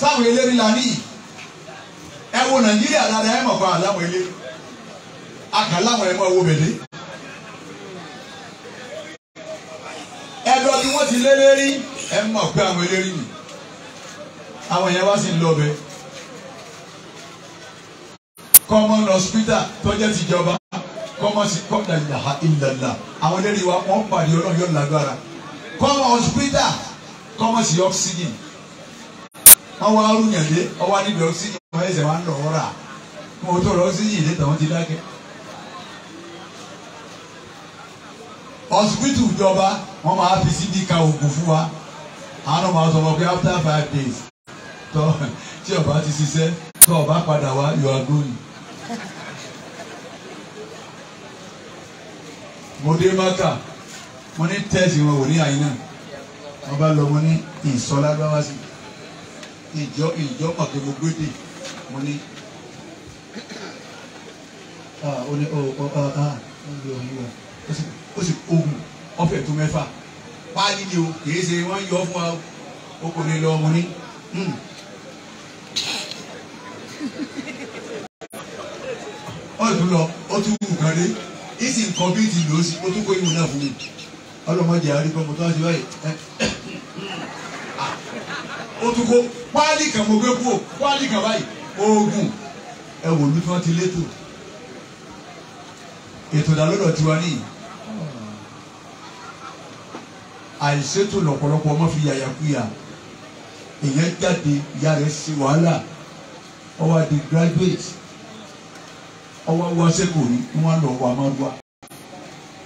sáwọn eléré la ní ẹ wo Nàìjíríà dáadáa ẹ mọ̀ fún àláwọ̀ eléré akà láwọn ẹ̀mọ́ owó bèdè. ẹ̀dọ́ tí wọ́n ti lé lérí ẹ̀ mọ̀ pé àwọn eléré nì àwọn yẹn wá sí ń lọ bẹ́ẹ̀ common hospital tọ́jẹ́ tìjọba common sikọ́dà ìlàhà ìlàlà àwọn eléré wa wọ́n pàdé ọlọ́run yóò lágbára common hospital common sí oxygen wọ́n wá rúnyàn dé ọwọ́ níbi oxygen wọ́n ẹsẹ̀ wá ń lọ ọ́ra wọ́n tó lọ oxygen dé tàwọn ti dákẹ́. ọsibítù ìjọba wọn máa fi síbi ka oògùn fún wa àánú máa sọ wọn pé after five days tọ tí ọba ti ṣiṣẹ́ tọ ọba padà wá you are going. mo dé maka mo ní tẹ́sí wọn ò ní àyín náà wọn bá lọ mo ní ìsọlágbáwá sí ìjọ ìjọ pàtó mo gbé mo ní ah ó ní ọ oh, ọ oh, ah ah ó ń lo ó sì kógun ọ̀fẹ́ tó mẹ́fà páálí ni o kìí ṣe wọ́n yọ fún wa o kò lè lọ ọmọ ní. Hmm. ó tún lọ ó tún wù kan dé ìsì nǹkan bíi ti lò ó sí ó tún kó ìwé náà fún mi ọlọmọdé àríkọ mo tó wá sí báyìí ah. ó tún kó páálí kan mo gbé kúrò páálí kan báyìí oògùn ẹ wò ló ti létò ètò ìdálọ́dọ̀ tiwa nìyí. àìṣètò lọ́pọ̀lọpọ̀ ọmọ fi yàyàkuyà èèyàn jáde ìyá rẹ̀ ṣe wàhálà ọwa wá di graduate ó wá wá sẹ́kọ̀ọ́ rí lọ wà máa wá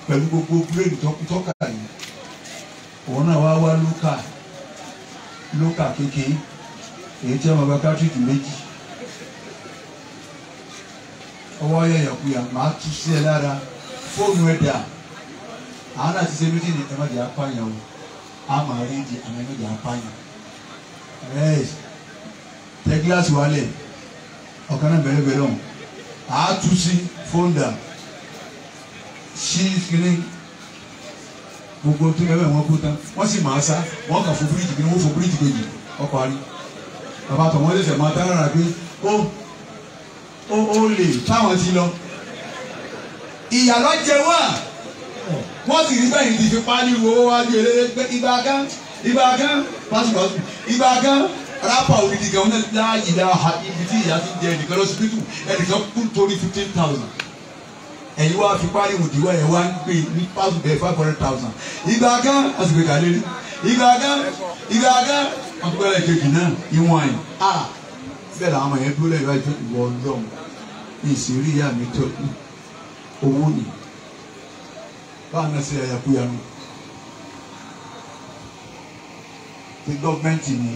pẹ̀lú gbogbo bírèdì tọ́ka yìí òun náà wá wá lókà lókà kékeré èyí tí wọ́n bá kátìkì méjì ọwọ́ yẹ̀yẹ̀kuyà máa tú sí ẹ lára fóònù ẹ̀dá. àwọn náà ti ṣe mítí ní ẹ̀mọ́dé apáyàn o a máa rí di àwọn ẹ̀mọ́dé apáyàn ẹ̀ tẹ gíláàsì wálẹ̀ ọ̀kan náà bẹ̀rẹ̀ bẹ̀rẹ̀ ọ̀hún àátúsí fóńdà sí kínní gbogbo tó yẹ bẹ́ẹ̀ wọ́n kó tán wọ́n sì máa sá wọ́n kà fún bíríìjì kínní wọ́n fún bíríìjì kejì ọkọ̀ àrí bàbá tó wọ́n ṣẹ̀ṣẹ̀ máa dára pé ó ó ó lè táwọn ti lọ ìyàlọ́ jẹ wọ́n sì rí bẹ́ẹ̀ ní ìfipá nílùú owó wájú eléré pé ibà kan ibà kan pásítọ̀tù ibà kan rápà òdìdí gan ní láàyè dáhà ibi tí ìyá ti jẹ ẹnìkan lọ síbítù ẹnìkan kú torí fifteen thousand ẹ̀yin wá fipá ní òdiwọ̀ ẹ̀ wá ń gbé ní pásítọ̀ bẹ́ẹ̀ five hundred thousand ibà kan àsìkò ìkàlẹ́ rí ibà kan ibà kan wọ́n ti gbọ́dọ̀ ìkejì náà ìwọ̀n ẹ̀ a bẹ́ẹ̀ làwọn ẹ̀ dúró lẹ́yìn wájú báwọn ẹsẹ̀ ẹ̀yàkúyà nù ti gọ́ọ̀mẹ́ntì ni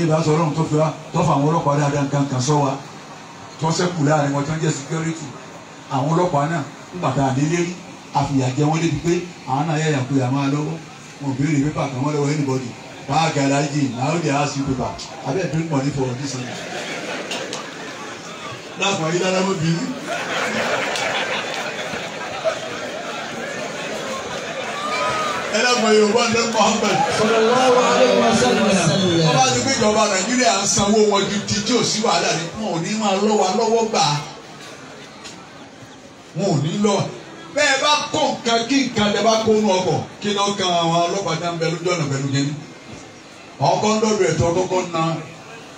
ebi aṣọ ọlọ́run tó fi wá tó fa àwọn ọlọ́pàá dáadáa nǹkan kan sọ wa tó sẹ́kù láàrin wọn tó ń jẹ́ síkírítì àwọn ọlọ́pàá náà ńgbà tá a délé rí àfìyàjẹ wọn débi pé àwọn náà yẹ̀yàkúyà máa lọ́wọ́ wọn béèrè pépà kan wọ́n lọ́wọ́ anybody wàá gàdájì náà ó dé àásì pépà abẹ́ ìdúró mọ̀ ní fọwọ́ dísìn láàpọ̀ ayélujára mọ́ bìí. ẹlẹ́gbọ̀n yorùbá ní Muhammad. sallallahu alaihi wasallam. ìjọba nàìjíríà ń sanwó wọn gidi tí ò sí wàhálà ní wọn ò ní máa lọ́wọ́ lọ́wọ́ gbà á wọn ò ní lọ bẹ́ẹ̀ bá kó nǹkan kí nǹkan tẹ bá kó nù ọkọ̀ kí ni kan àwọn ọlọ́pàá tá ń bẹ lójú ọ̀nà pẹ̀lú yẹn ọkọ̀ ń dọ̀dọ̀ ẹ̀tọ́ kọ́kọ́ na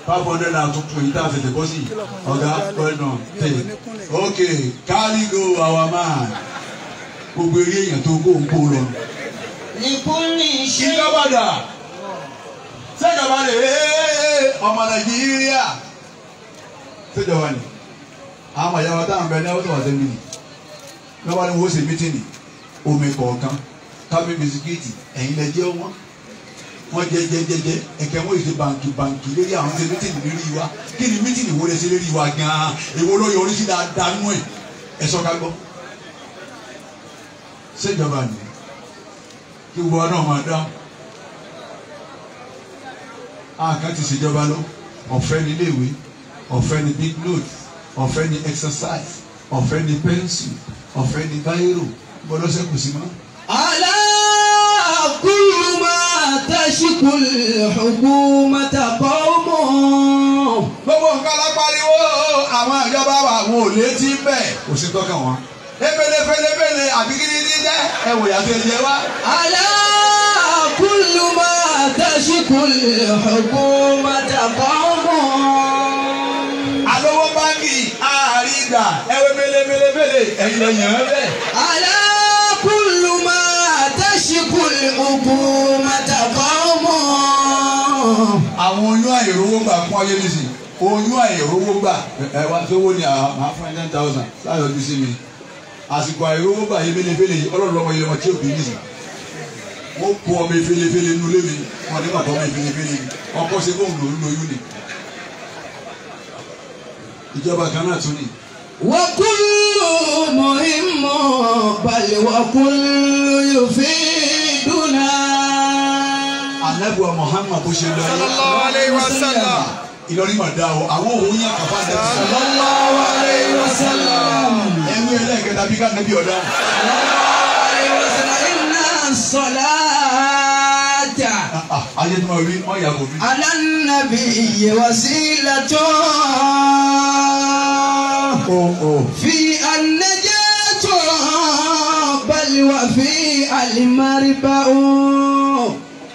five hundred and tuntun yìí tá ọ̀gá pẹ̀lú tè carry go our man gbogbo eré èèyàn tó kó ń kó lọ ìjọba dà ṣèjọba lè eh, eh, eh, ọmọ nàìjíríà ṣèjọba ni àwọn àyàwó táwọn bẹ ní ọwọ́ wà sẹ́mi nì lọ́wọ́ ni wọ́n ṣe mítìnì omi kọ̀ọ̀kan kámi bisikíìtì ẹ̀yin lẹ jẹ́ wọn wọ́n jẹ́ jẹ́ jẹ́ jẹ́ ẹ̀kẹ́ wọ́n yìí ṣe bàǹkì bàǹkì lórí àwọn ṣe mítìnì lórí wa kí ni mítìnì wo lè ṣe lórí wa gan èwo ló yọrí sí dáadáa nú ẹ̀ ẹ̀ sọ́ka gbọ́ ṣèjọba nìyẹn kí wọ́n náà máa dá àkáǹtì ìṣèjọba lọ ọ̀fẹ́ ní iléèwé ọ̀fẹ́ ní big load ọ̀fẹ́ ní exercise ọ̀fẹ́ ní pencil ọ̀fẹ́ ní báyìrò gbọ́dọ̀ sẹ́kù sí mọ́. alá kullu ma tashku al gbogbo nǹkan lápá ni wọ́n àwọn ìjọba wa wò létí bẹ́ẹ̀. kò sí tọ́ka wọn ebelebelebele àbí kí ni ní dẹ ẹwò yàtọ̀ ẹ̀jẹ̀ wa. ala kullu ma tashku al-hukumata qawmun. alówó báńkì àárín ìgbà ẹwé belebelebele ẹ̀yìn ẹ̀yìn rẹ̀. ala kullu ma tashku al-hukumata qawmun. àwọn oyún àìrówó gbà fún ọyẹ́ nísìnyí oyún àìrówó gbà ẹ wá tó wó ni àwọn five hundred thousand láyọ̀ ojú sí mi àsìkò àìrówó gbà yé fẹlẹfẹlẹ yìí ọlọ́run lọ́mọ yẹlẹmọ tí òbí nìyí wọ́n kó ọmọ ìfẹlẹfẹlẹ nínú lémi wọn ní bàbá ọmọ ìfẹlẹfẹlẹ yìí ọkọ ṣe fóun lòún lóyún ni ìjọba kan náà tún ni. wa kullu muhimmu bal wa kullu yufiduna. ànábì wa Muhammad bó ṣe lọ yìí. sallallahu alayhi wa sallam ìlọrin mà dá o àwọn òun yàn kàfà nẹbi sọ. sallallahu alaihi wasallam. ẹnu ẹlẹ́ẹ̀kẹta bí ká nẹbi ọ̀dá. sallallahu alaihi wasallam inna salata. Ah, ah, ayé tí wọn rí wọn yà kó rí. ala nabiyyi wasilatu. Oh, oh. fi annajatu bal wa fi alimaribawo.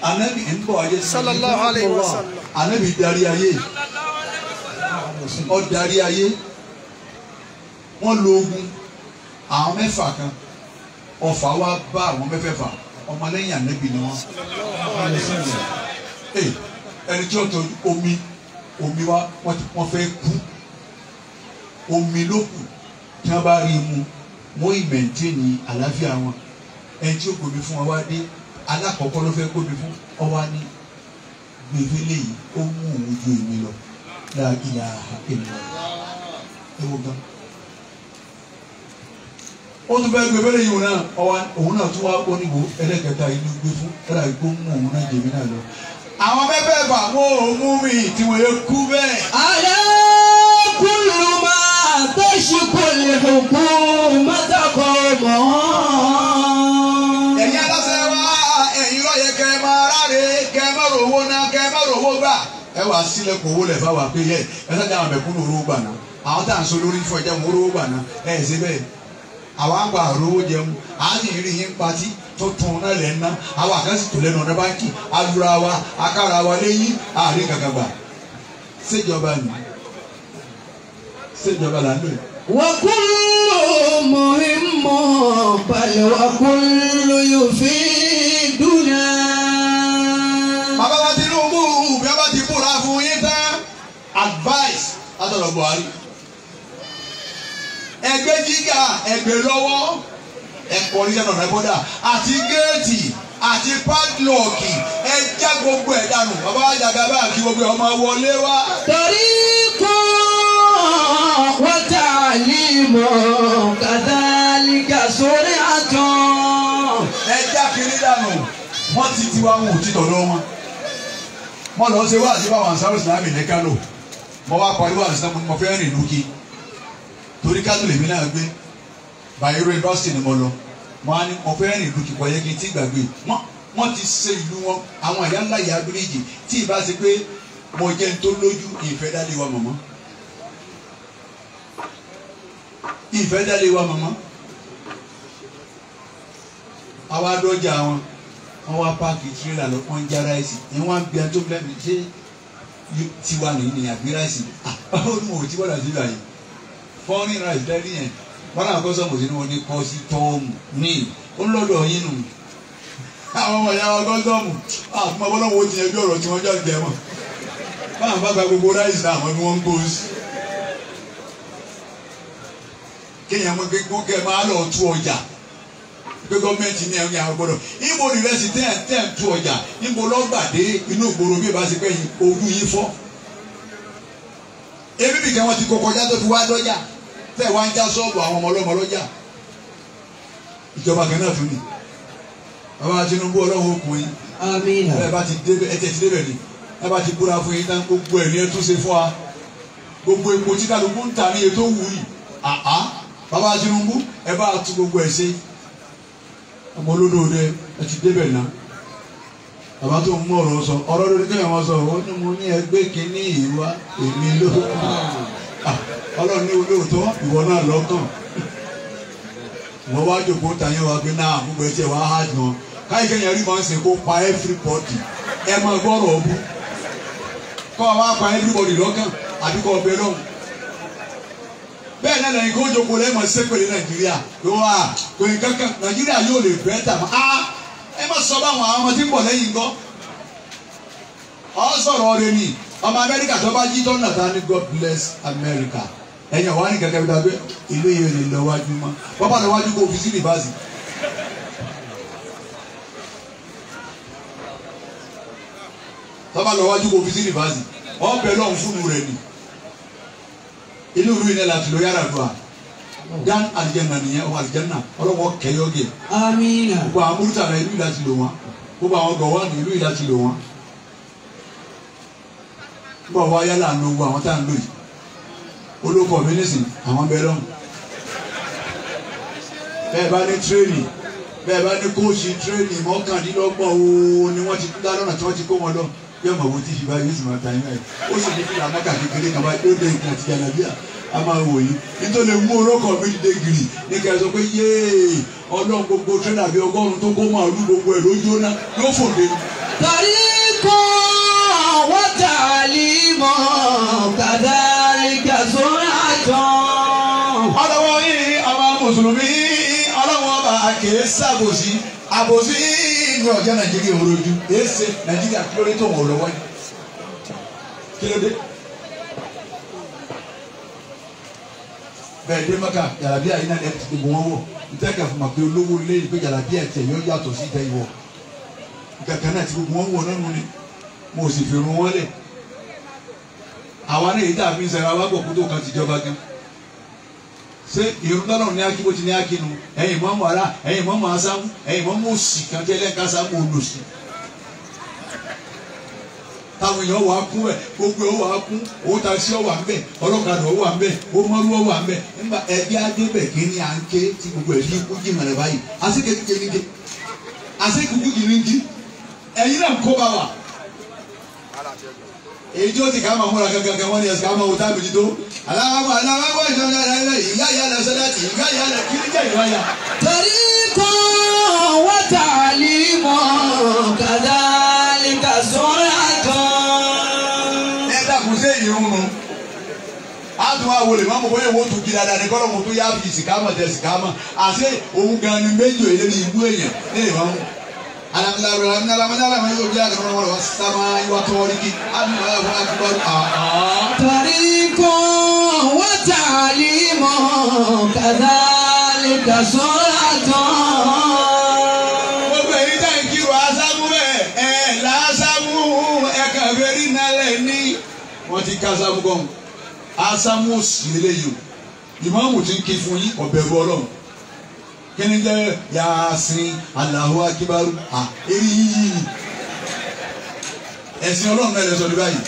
anabi ń bọ̀ ayé. sallallahu alaihi wasallam. anabi darí ayé ó darí ayé wọ́n lo ogun àwọn mẹ́fà kan ọ̀fà wa bá àwọn mẹ́fẹ̀ẹ̀fà ọmọlẹ́yìn ànẹ́bì ni wọ́n ẹni tí wọ́n tọ́ omi omi wa wọ́n fẹ́ kú omi ló kù tí wọ́n bá rí i mu wọ́n ìmẹ̀ntẹ́ni àlàáfíà wọn ẹni tí o gbòmí fún wa wá dé alákọ̀ọ́kọ́ ló fẹ́ gbòmí fún ọwá ní gbèvélé yìí ó mú òun ju èmi lọ la ilaha illallah ẹ wo gan. ó tún fẹ́ gbé bẹ́ẹ̀ yìí náà ọwọ́ òun náà tún wá oníwo ẹlẹ́kẹta inú gbé fún ẹ̀rọ ìgbó mú òun náà jẹ̀mí náà lọ. àwọn bẹ́ẹ̀ bà wọ́n ò mú mi tí wọ́n kú bẹ́ẹ̀. alẹ́ kúlù máa tẹ̀sí kò lè hùkú ẹ wàá sílẹ̀kùn owó lẹ̀ fáwọn àpéyẹ ẹ sájà àwọn àbẹ̀kúnnù olówó gbà náà àwọn tá à ń so lórí fún ẹjẹ wọn olówó gbà ẹ ẹ ṣe bẹ́ẹ̀ àwa àgbà àrówó jẹun à ń yín patí tó náà lẹ̀ ná àwọn àkáǹsì tó lẹ́nu ọ̀nà báńkì alura wa akára wa léyìn àárín gàgàgbà ṣèjọba nù ṣèjọba là ń lò yìí. وكل مهم بل وكل يفيد advice látọ̀dọ̀ Buhari ẹgbẹ́ jíga ẹgbẹ́ lọ́wọ́ ẹ̀pọ̀ ní sẹ́nà rẹ́bọ́dà àti géètì àti padlọ́ọ̀kì ẹ gbogbo ẹ̀ dànù bàbá àjàgà bá kí gbogbo ẹ̀ ọmọ wọlé wá. torí kó wọ́tà límọ̀ kàtàlíkà sórí àjọ. ẹ kiri dànù wọ́n ti tiwa wọn ò ti tọ̀dọ̀ wọn. wọ́n lọ ṣe wá àti báwọn àṣà ní Kánò mo wá parí wà sísá mo ní mo fẹ́ rìn lókè torí kánú lèmi náà gbé Bayero University ni mo lọ mo á ní mo fẹ́ rìn lókè kò yẹ kí n ti gbàgbé wọn wọn ti ṣe ìlú wọn àwọn àyà ńlá yà abúléjì tí ì bá ṣe pé mo jẹ́ n tó lójú ìfẹ́ dálé wa màmá ìfẹ́ dálé wa màmá àwa dọ́jà wọn wọn wá páàkì tírélà lọ́kàn jára ẹ̀sìn ìwọ̀n bí atúbọ̀lẹ́mì ṣe tiwa nìyí ni àgbé ráìsì ó ní mo tiwa náà síbà yìí fọ́nrín ráìsì tẹ́lẹ̀ yẹn wọn náà kọ́sọ́ mọ̀ sínú wọn ní kọ́sí tọ́ọ̀mù ní ó ń lọ́dọ̀ yín nù àwọn ọmọ ìyá wa gọ́sọ́ọ̀mù àfúnmọ́ ah, bọ́lọ́wọ́ ti yẹn bí ọ̀rọ̀ tí wọ́n jọ jẹ mọ́ báwọn bá gba gbogbo ráìsì àwọn ni wọ́n ń gbóòsì kéèyàn mọ́ gbẹ́gbó kẹ́ máa lọ tú ọjà pé gọ́ọ̀mẹ̀ntì ní ẹ̀yà ọgbọ́dọ̀ ìbò yunifásitì tẹ́ ẹ̀ tẹ́ ẹ̀ tú ọjà ìbò lọ́gbàdé inú ìgboro bí ìbáṣepẹ́ yìí ojú yìí fọ́. ebi bìkẹ́ wọn ti kọ kọjá tó fi wá dọ́jà tẹ́ wá ń já sọ́ọ̀bù àwọn ọmọ ọlọ́mọ lọ́jà ìjọba kan náà tún ni bàbá Tinubu ọlọ́run okùnrin ẹ bá ti débẹ̀ ẹ tẹ̀ ti débẹ̀ ni ẹ bá ti búra fún yín tán gbogbo ẹ̀ ní ẹ tún ṣe fún wa gbogbo epo tí kálukú ń ta ní ètò wù yìí àá bàbá Tinubu ẹ bá tu gbogbo ẹ̀ ṣe ọmọ olódòdó ẹ ti débẹ̀ náà bàbá tó ń mú ọ̀rọ̀ sọ ọ̀rọ̀ lórí kẹ́yìn wọn sọ ó ní mo ní ẹgbẹ́ kínní ìwá èmi ló ọlọ́run ní olóòótọ́ ìwọ náà lọ́kàn wọ́n wá jòkó tayé wa pé náà àmúgbò ẹ̀jẹ̀ wá há jù wọn káyì kẹ́yìn rí wọn sìn kó pa everybody ẹ máa gbọ́rọ̀ ọ̀bù kọ́ ọ wá pa everybody lọ́kàn àbíkọ́ ọbẹ̀ lọ́hùn. bẹ́ẹ̀ náà nàìjíríà ó jókòó lẹ́ẹ̀mọ̀ sẹ́pẹ̀lẹ̀ nàìjíríà ló wà kò ní kankan nàìjíríà yóò lè bẹ́ẹ̀ tà mọ́ ah, ẹ má sọ báwọn àwọn ọmọ tí ń bọ̀ lẹ́yìn gbọ́ ọ sọ̀rọ̀ ọ̀rẹ́ ni ọmọ amẹ́ríkà tó bá jí tó ni God bless America ọ̀wá ní kankan lè lọ wájú mọ́ lọ wájú kó o fi sí rìbáàsì. bọ́bá lọ wájú kó o fi sí inú ìlú yìí náà láti lọ yàrá àdúrà dan alijanna nìyẹn ọwọ alijanna ọlọwọ kẹyọgẹ. amiina. gbogbo àwọn amúrúta rẹ ìlú yìí láti lò wọn gbogbo àwọn gọwọ ní ìlú yìí láti lò wọn. gbogbo àwọn ayálà ń lo gbogbo àwọn tá à ń lò yìí olóko mínísìn àwọn bẹ lọ́hùn. bẹ́ẹ̀ bá ní tírẹ́nì bẹ́ẹ̀ bá ní kóòsì tírẹ́nì mọ́kàndínlọ́gbọ̀n o ni wọ́n ti dá lọ́nà tí wọ́n ti kó wọn lọ́hùn yóò máa wo tíṣì báyìí yóò sì máa ta iná yìí ó sì ní kí la máka kékeré kan báyìí àti jàlábíà a máa wò yìí nítorí mú orókọ mi dìde gírì ní kẹrẹ sọ pé yéé ọlọ́run gbogbo tírélà bíi ọgọ́rùn tó kó máa lú gbogbo ẹ̀ ló jóná ló fòde. tàrí kó wọ́tà límọ̀ kàdárí gàzóra jọ. ọlọ́wọ́ yìí àwọn mùsùlùmí ọlọ́wọ́ bá a kì í ṣàbòsí àbòsí ní ọjọ́ nàìjíríà òrojú èsè nàìjíríà kílódé tó wọn lọ́wọ́ yìí kílódé. bẹ́ẹ̀ dé mọ́kà jàlábíà yìí náà ẹ̀ ti gbogbo wọn wọ̀ ntẹ́ kà fún ma pé olówó lé yìí pé jàlábíà tẹ̀ yọ yàtọ̀ sí ìtẹ́ ìwọ̀ kankan náà ti gbogbo wọn wọ̀ nínú ni mo sì fi run wọn lẹ̀ àwa náà yìí dàbí sẹ́ra wá bọ̀ kótó kan tìjọba gan se ìrún tọ́lọ̀ ní akí bó ti ní akí nu ẹ̀yin mọ́ mọ́ ara ẹ̀yin mọ́ mọ́ asámú ẹ̀yin mọ́ mọ́ òsì kan tí ẹlẹ́ka sámú olùsì. táwọn èèyàn wà á kún ẹ̀ gbogbo ẹ̀ wà á kún owó taxi ọ̀ wà ń bẹ̀ ọlọ́kadà ọ̀ wà ń bẹ̀ ọmọlú ọ̀ wà ń bẹ̀ nígbà ẹbí adébẹ̀ kí ni à ń ké tí gbogbo ẹ̀ ní ikú jì mọ̀rẹ̀ báyìí àṣekèké àṣekèké ẹ̀yin náà kó bá wà èyí tí ó ti ká máa múra kankan wọn ni ẹsẹ̀ ká máa wò tábìlì tó aláwọ̀ aláwọ̀ ìṣọ̀lá ẹ̀rẹ́ ìyá ìyá lẹ̀ sọ́dá ìyá ìyá lẹ̀ kí ní jẹ́ ìwà yà. torí kan wọ́n tà lí kàdá lè kà sọ́ra kan. ẹ dàkún sí èyí ń nu a tún wá wọlé mọ́mú bóyá owó tún gidi dáadáa ní kọ́lọ́mù tó yá fi sìkámọ̀ tẹ sìkámọ̀ àti òun gan ni méjì òye ní ibú èèyàn ní ìwà alhamdulilayi alhamdulilayi alhamdulilayi o bila kana wala sama wa tɔɔriki alima wa akibaru aa. tariko wa taalimo kadali kasola tɔn. wọ́n ti ká asamu gan asamu sì lélẹ́yìí o ìmáàmù ti ń kí fún yín ọ̀bẹ̀rù ọlọ́run kíni jẹ́ yaasin alahu akibaru a ah, eri yíyí ẹ̀sìn ọlọ́run náà lẹ́sọ̀ ní báyìí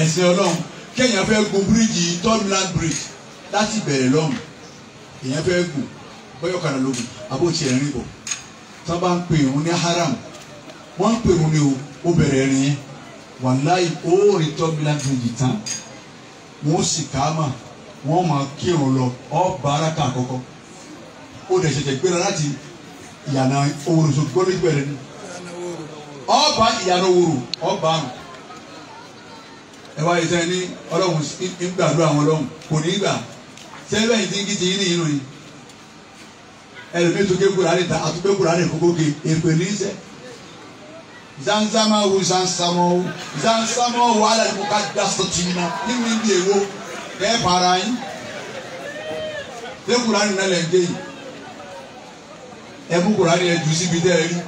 ẹ̀sìn ọlọ́run kéèyàn fẹ́ gun bíríìjì third land bridge láti bẹ̀rẹ̀ lọ́run èèyàn fẹ́ gùn bọ́yọ̀ kàrà lógun àbótí ẹ̀rín bọ̀ tí wọ́n bá ń pè òun ní haram wọ́n ń pè òun ní o ó bẹ̀rẹ̀ ẹ̀rín yẹn wàláì ó rìn third bridge tán wọ́n sì ká mà wọ́n máa kírun lọ ọba araka àkọ́kọ́ ó dẹ̀ ṣẹ̀ṣẹ̀ gbéra láti ìyànà oorun so gbọ́dọ̀ gbẹ̀rẹ̀ ni ọba ìyànà oorun ọba àrùn ẹ wá yìí sẹ́yìn ní ọlọ́run ń gbàdúrà àwọn ọlọ́run kò ní gbà sẹ́yìn bẹ́ẹ̀ ti ń kí ti yín nìyí nìyí ẹlòmíì tó ké kúrò àríta àtúgbé kúrò àrí kókó ké èpè ní sẹ zanzamawo zanzamawo zanzamawo alẹ́ kó ká dasọ̀ tì í na nínú ibi èwo tẹ́ para yín tẹ́ kúránì náà lẹ́ gbé yìí ẹ mú kúránì ẹ jù síbi tẹ́ ẹ rí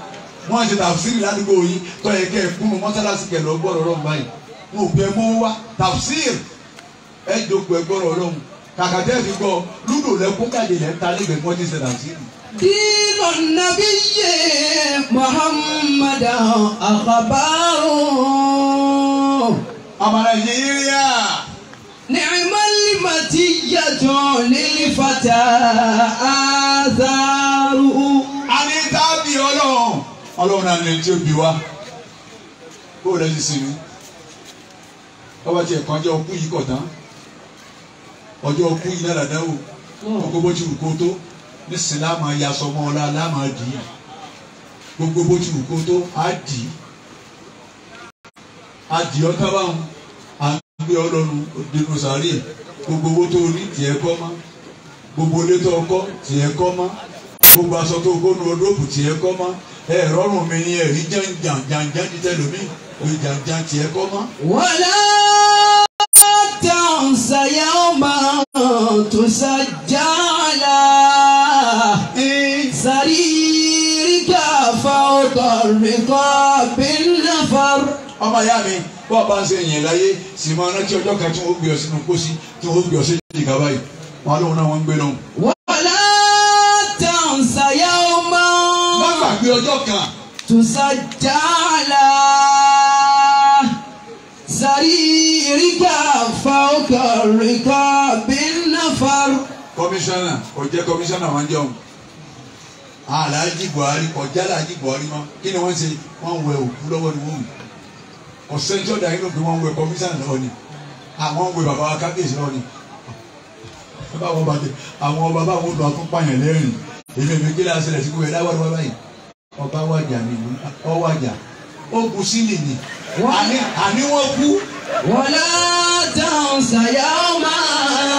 wọ́n ṣe tàfsírì ládùúgbò yìí tọ́ yẹ kẹ́ ẹ kúnnú mọ́sálásí kẹlẹ́ ọgbọ́n ọlọ́run báyìí wọn ò gbẹ mọ́ wá tàfsírì ẹ jókòó ẹ ọlọ́run kàkà tẹ́ fi gbọ́ lúdò lẹ́kún kàdé lẹ́ ta níbẹ̀ kọ́ ti ṣe tàfsírì. dínà nàbí yé muhammadan àkàbárò. àmàlà yìí rí yá. نعم المتية للفتى آثاره àní tá a bí ọlọ́run ọlọ́run náà ní tí ó bí wa bó rẹ ti sinmi ọba tiẹ̀ kan ọjọ́ ọkú yìí kọ̀tán ọjọ́ ọkú yìí náà dáadáa o gbogbo bó ti wù kó tó nísìnyí láàmú ayasọ ọlá láàmú àdì gbogbo bó ti wù kó tó àdì àdì ọ̀tá báwọn gbé ọlọ́run dínú sàárè gbogbo owó tó ní tiẹ̀ kọ́ mọ́ gbogbo ilé tó kọ́ tiẹ̀ kọ́ mọ́ gbogbo aṣọ tó gbónú olóòpù tiẹ̀ kọ́ mọ́ ẹ rọrùn mi ni ẹ̀rí jàǹjàn jàǹjàn ti tẹ̀ lómi òye jàǹjàn tiẹ̀ kọ́ mọ́. wàlá tàn ṣàyà ọmọ tó ṣàjà là sàrí ríkà fáwọn tọ̀rìkọ́ bí nàfàrọ̀ ọmọ ìyá mi bọ́ọ̀ bá ń ṣe yìn láyé sì máa rántí ọjọ́ kan tí wọ́n gbé ọ sínú pósí tí wọ́n gbé ọ sí ìjìká báyìí wọn lóun náà wọ́n ń gbé lóhùn. wàlá tàn ṣàyà ọmọ. má gbàgbé ọjọ́ kan. tùsà jàlá sàrí ìríkà fáwọkà ríkà bínú faru. kọmíṣánná kò jẹ́ kọmíṣánná wọn jẹun aláàjì Buhari kọjá aláàjì Buhari mọ́ kí ni wọ́n ṣe wọ́n wẹ òkú lọ́wọ́ ni wọ́n wù kò sẹ́ńtì ọ̀dà yìí ló fi wọ́n ń wẹ kọmíṣánná náà ni àwọn wẹ bàbá wa kábíyèsí náà ni báwọn bá dé àwọn ọba báwọn lọ akópáyàn lẹ́rìn èmi èmi kí láti ṣẹlẹ̀ sí kú ẹ̀dá wàdúrà báyìí ọba wàjà ni ọwàjà ó kú sílẹ̀ ni àní wọ́n kú. wọlé dáhùn sàyà máa.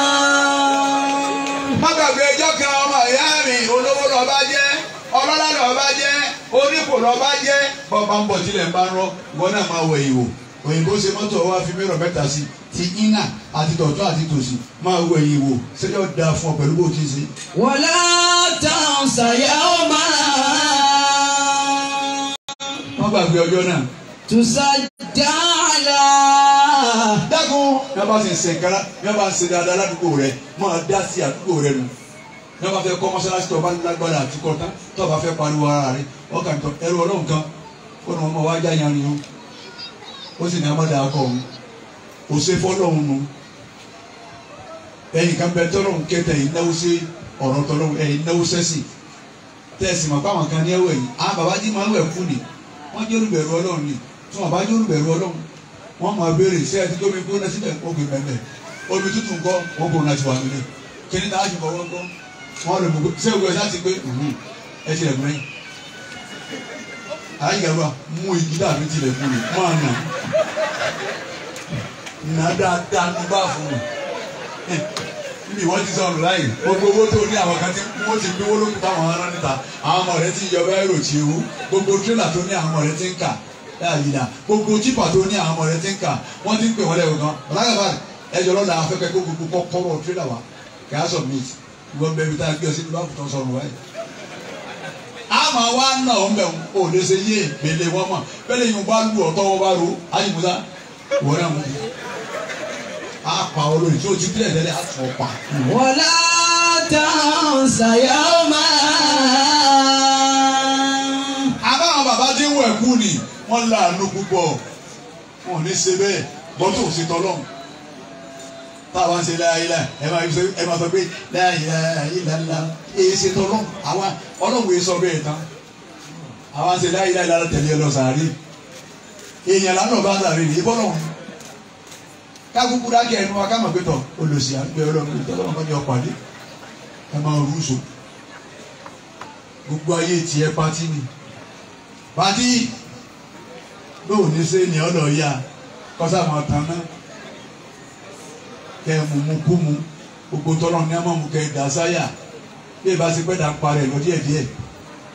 má gbàgbé ẹjọ́ kan ọmọ ìyá mi olówó lọ́ba jẹ́ ọlọ́lá lọ́ba jẹ́ onípò lọ́ba jẹ́ bọ́ba ń bọ̀ tilẹ̀ ń bá rọ ìwọ náà máa wọ ìwò òyìnbó ṣe mọ́tò ọwọ́ àfi mẹ́rọ̀ mẹ́ta sí ti iná àti tọ̀tọ̀ àti tòsí máa wọ ìwò sẹ́jọ́ da fún ọ pẹ̀lú bó ti ṣe. wọlá táwọn ṣàyà ó máa. wọ́n gbàgbé ọjọ́ náà. tùsà dáàlà. dákun bí wọ́n bá ṣe ń kára bí wọ́n ń dáadáa ládùúgbò rẹ̀ máa dá sí àdúgbò rẹ̀ nù ní wọ́n bá fẹ́ kọ́ mọ́sálásí tó bá lágbára àti kọ́ta tó bá fẹ́ pariwo o rẹ̀ ọkà tó ẹrú ọlọ́run kan ó ní wọn mọ wájà yanrin o ó sì ní amọ́dà akọ òun kò ṣe fọ́lọ́hún nu ẹ̀yìn kan bẹ tọ́lọ́hún kẹta ẹ̀yìn náwó sí ọ̀rọ̀ tọ́lọ́hún ẹ̀yìn náwó sẹ́sì tẹ̀sí mọ̀ pàwọn kan ní ẹ̀wọ̀ yìí àwọn bàbá jí máa ń wẹ̀ fún ni wọ́n jẹ́ olùbẹ̀rù ọlọ́run ni tí wọ́n bá jẹ́ olùbẹ̀rù ọlọ́run wọ́n máa béèrè ṣé ẹtí tómi gbóná sílẹ̀ ó gbé bẹ́ẹ̀ omi tútù ńkọ́ ó gbóná ti wà nílẹ̀ kí ni táwọn àjùmọ̀ wọ́n wọn lè gbogbo ṣé gbogbo ẹ sá ti pé mhm. ẹ ti rẹ gbẹ yín aláǹgá bá mú igi dàbí tilẹ̀ kú mi máa nà nà dáadáa ní bá mi hm. níbi ìwọ́n ti sọ̀rọ̀ láyè gbogbo owó tó ní àwọn kan tí wọ́n ti gbé wọ́lọ́kù táwọn ará níta àwọn ọmọ rẹ ti yọ bẹ́ẹ̀rù tí ewu gbogbo tírélà tó ní àwọn ọmọ rẹ ti ń kà láàyèdà gbogbo jípà tó ní àwọn ọmọ rẹ ti ń kà wọ́n ti ń pè wọ́n lẹ́wọ̀n gan ọ̀làgàbà ẹ̀jọ̀ lọ́la afẹ́fẹ́ gbogbo kọ́kọ́rọ́ tírélà wa kẹ́ á wọ́n bẹ̀rù tá a gbé ọsẹ ní bá kùtọ̀ sọ̀rọ̀ wáyé. àmọ́ wa nà ọ́ mbẹ̀ ò lè ṣe yé gbèlè wọ́n mọ̀ bẹ́ẹ̀ lẹ́yìn bá lu ọ̀tọ́ wọn bá ro ayélujára wọ́n náà mú a pa olórí tí o ti bílẹ̀ lẹ́lẹ́ a tún pa. wọlá tán ṣàyà máa. àbáwọn bàbá tí ń wẹ̀ kú ni wọ́n láàánú púpọ̀ wọn ní ṣe bẹ́ẹ̀ bọ́tò ò báwa ń ṣe láàyè ẹ máa sọ pé láàyè ìlànà èyí ṣe tọ́lọ́ àwa ọlọ́run yìí sọ bẹ́ẹ̀ tán àwa ń ṣe láàyè ìlànà tẹ̀lé lọ sàárè èèyàn lánàá bá sàárè ní ibọ́ lọ́wọ́ kákúkú dákẹ́ ẹnu wa ká mọ̀ pé tọ̀ olùsí àgbẹ̀ ọlọ́run ìtọ́lọ́run kọ́ni ọ̀pàdé ẹ máa rúṣọ gbogbo ayé tiẹ̀ pátí ni pátí lóò ní sẹ́ni ọ̀nà ọ̀ya kọ́sà máa tán náà. kẹ́ ẹ mú mú kú mu gbogbo tọ́lọ́ ní amọ̀mù kẹ́ ẹ dà sáyà bí ẹ ti pẹ́ dà parẹ́ lọ díẹ̀ díẹ̀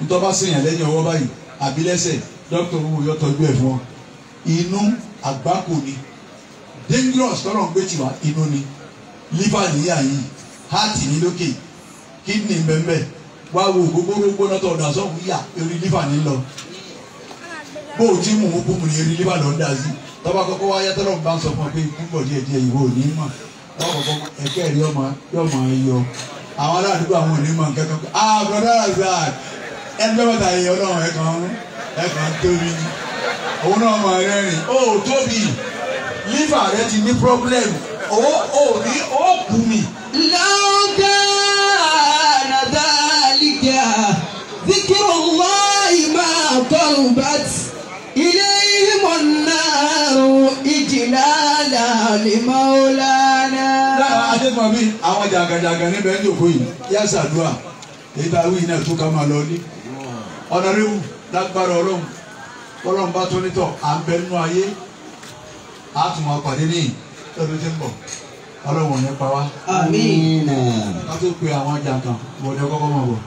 nítorí bá sèyàn lẹ́yìn ọwọ́ báyìí abilesi lẹ́sẹ̀ dókítà owó yọ tọ́jú inu fún ọ inú ni dangerous tọrọ ń gbé ni níyà yìí heart ní lókè kidney bẹ́ẹ̀ wá wo gbogbo náà tọ̀dọ̀ yà ní lọ bó o ti mú lọ́ọ́ dà sí tọ́ba kọ́kọ́ wáyé Tọrọ ń bá sọ fún ọ pé ìwọ lọ́kọ̀ọ́kọ́ ẹ̀kẹ́ rí ọmọ yọmọ yọ àwọn aládùúgbò àwọn onímọ̀ nǹkan kan ah brother Razak ẹni bẹ́ẹ̀ bàtà yẹ ọlọ́run ẹ̀kan ẹ̀kan tóbi òun náà mọ̀ rẹ́rìn ó tóbi lífà rẹ ti ní problem ó ó ní ó kù mí. lọ́ọ̀kẹ́ ànàdálíkà zikiru wáyé máa tọ́lù bàtì ilé ìmọ̀ náà ìjìlá làlè máa adékọ̀bí àwọn jàgàjàgà níbẹ̀ ń jòkó yìí yá sàdúà èyí tá a wí náà tún ká máa lọ ní. ọ̀nà ríwù lágbára ọlọ́run ọlọ́run bá tó nítọ̀ à ń bẹ nínú ayé a tún máa pàdé ní lọ́dún tí ń bọ̀ ọlọ́run ò ní pa wá. àmín. ká tó pe àwọn jàǹkàn wọlé ọkọ̀ kọ́ máa bọ̀.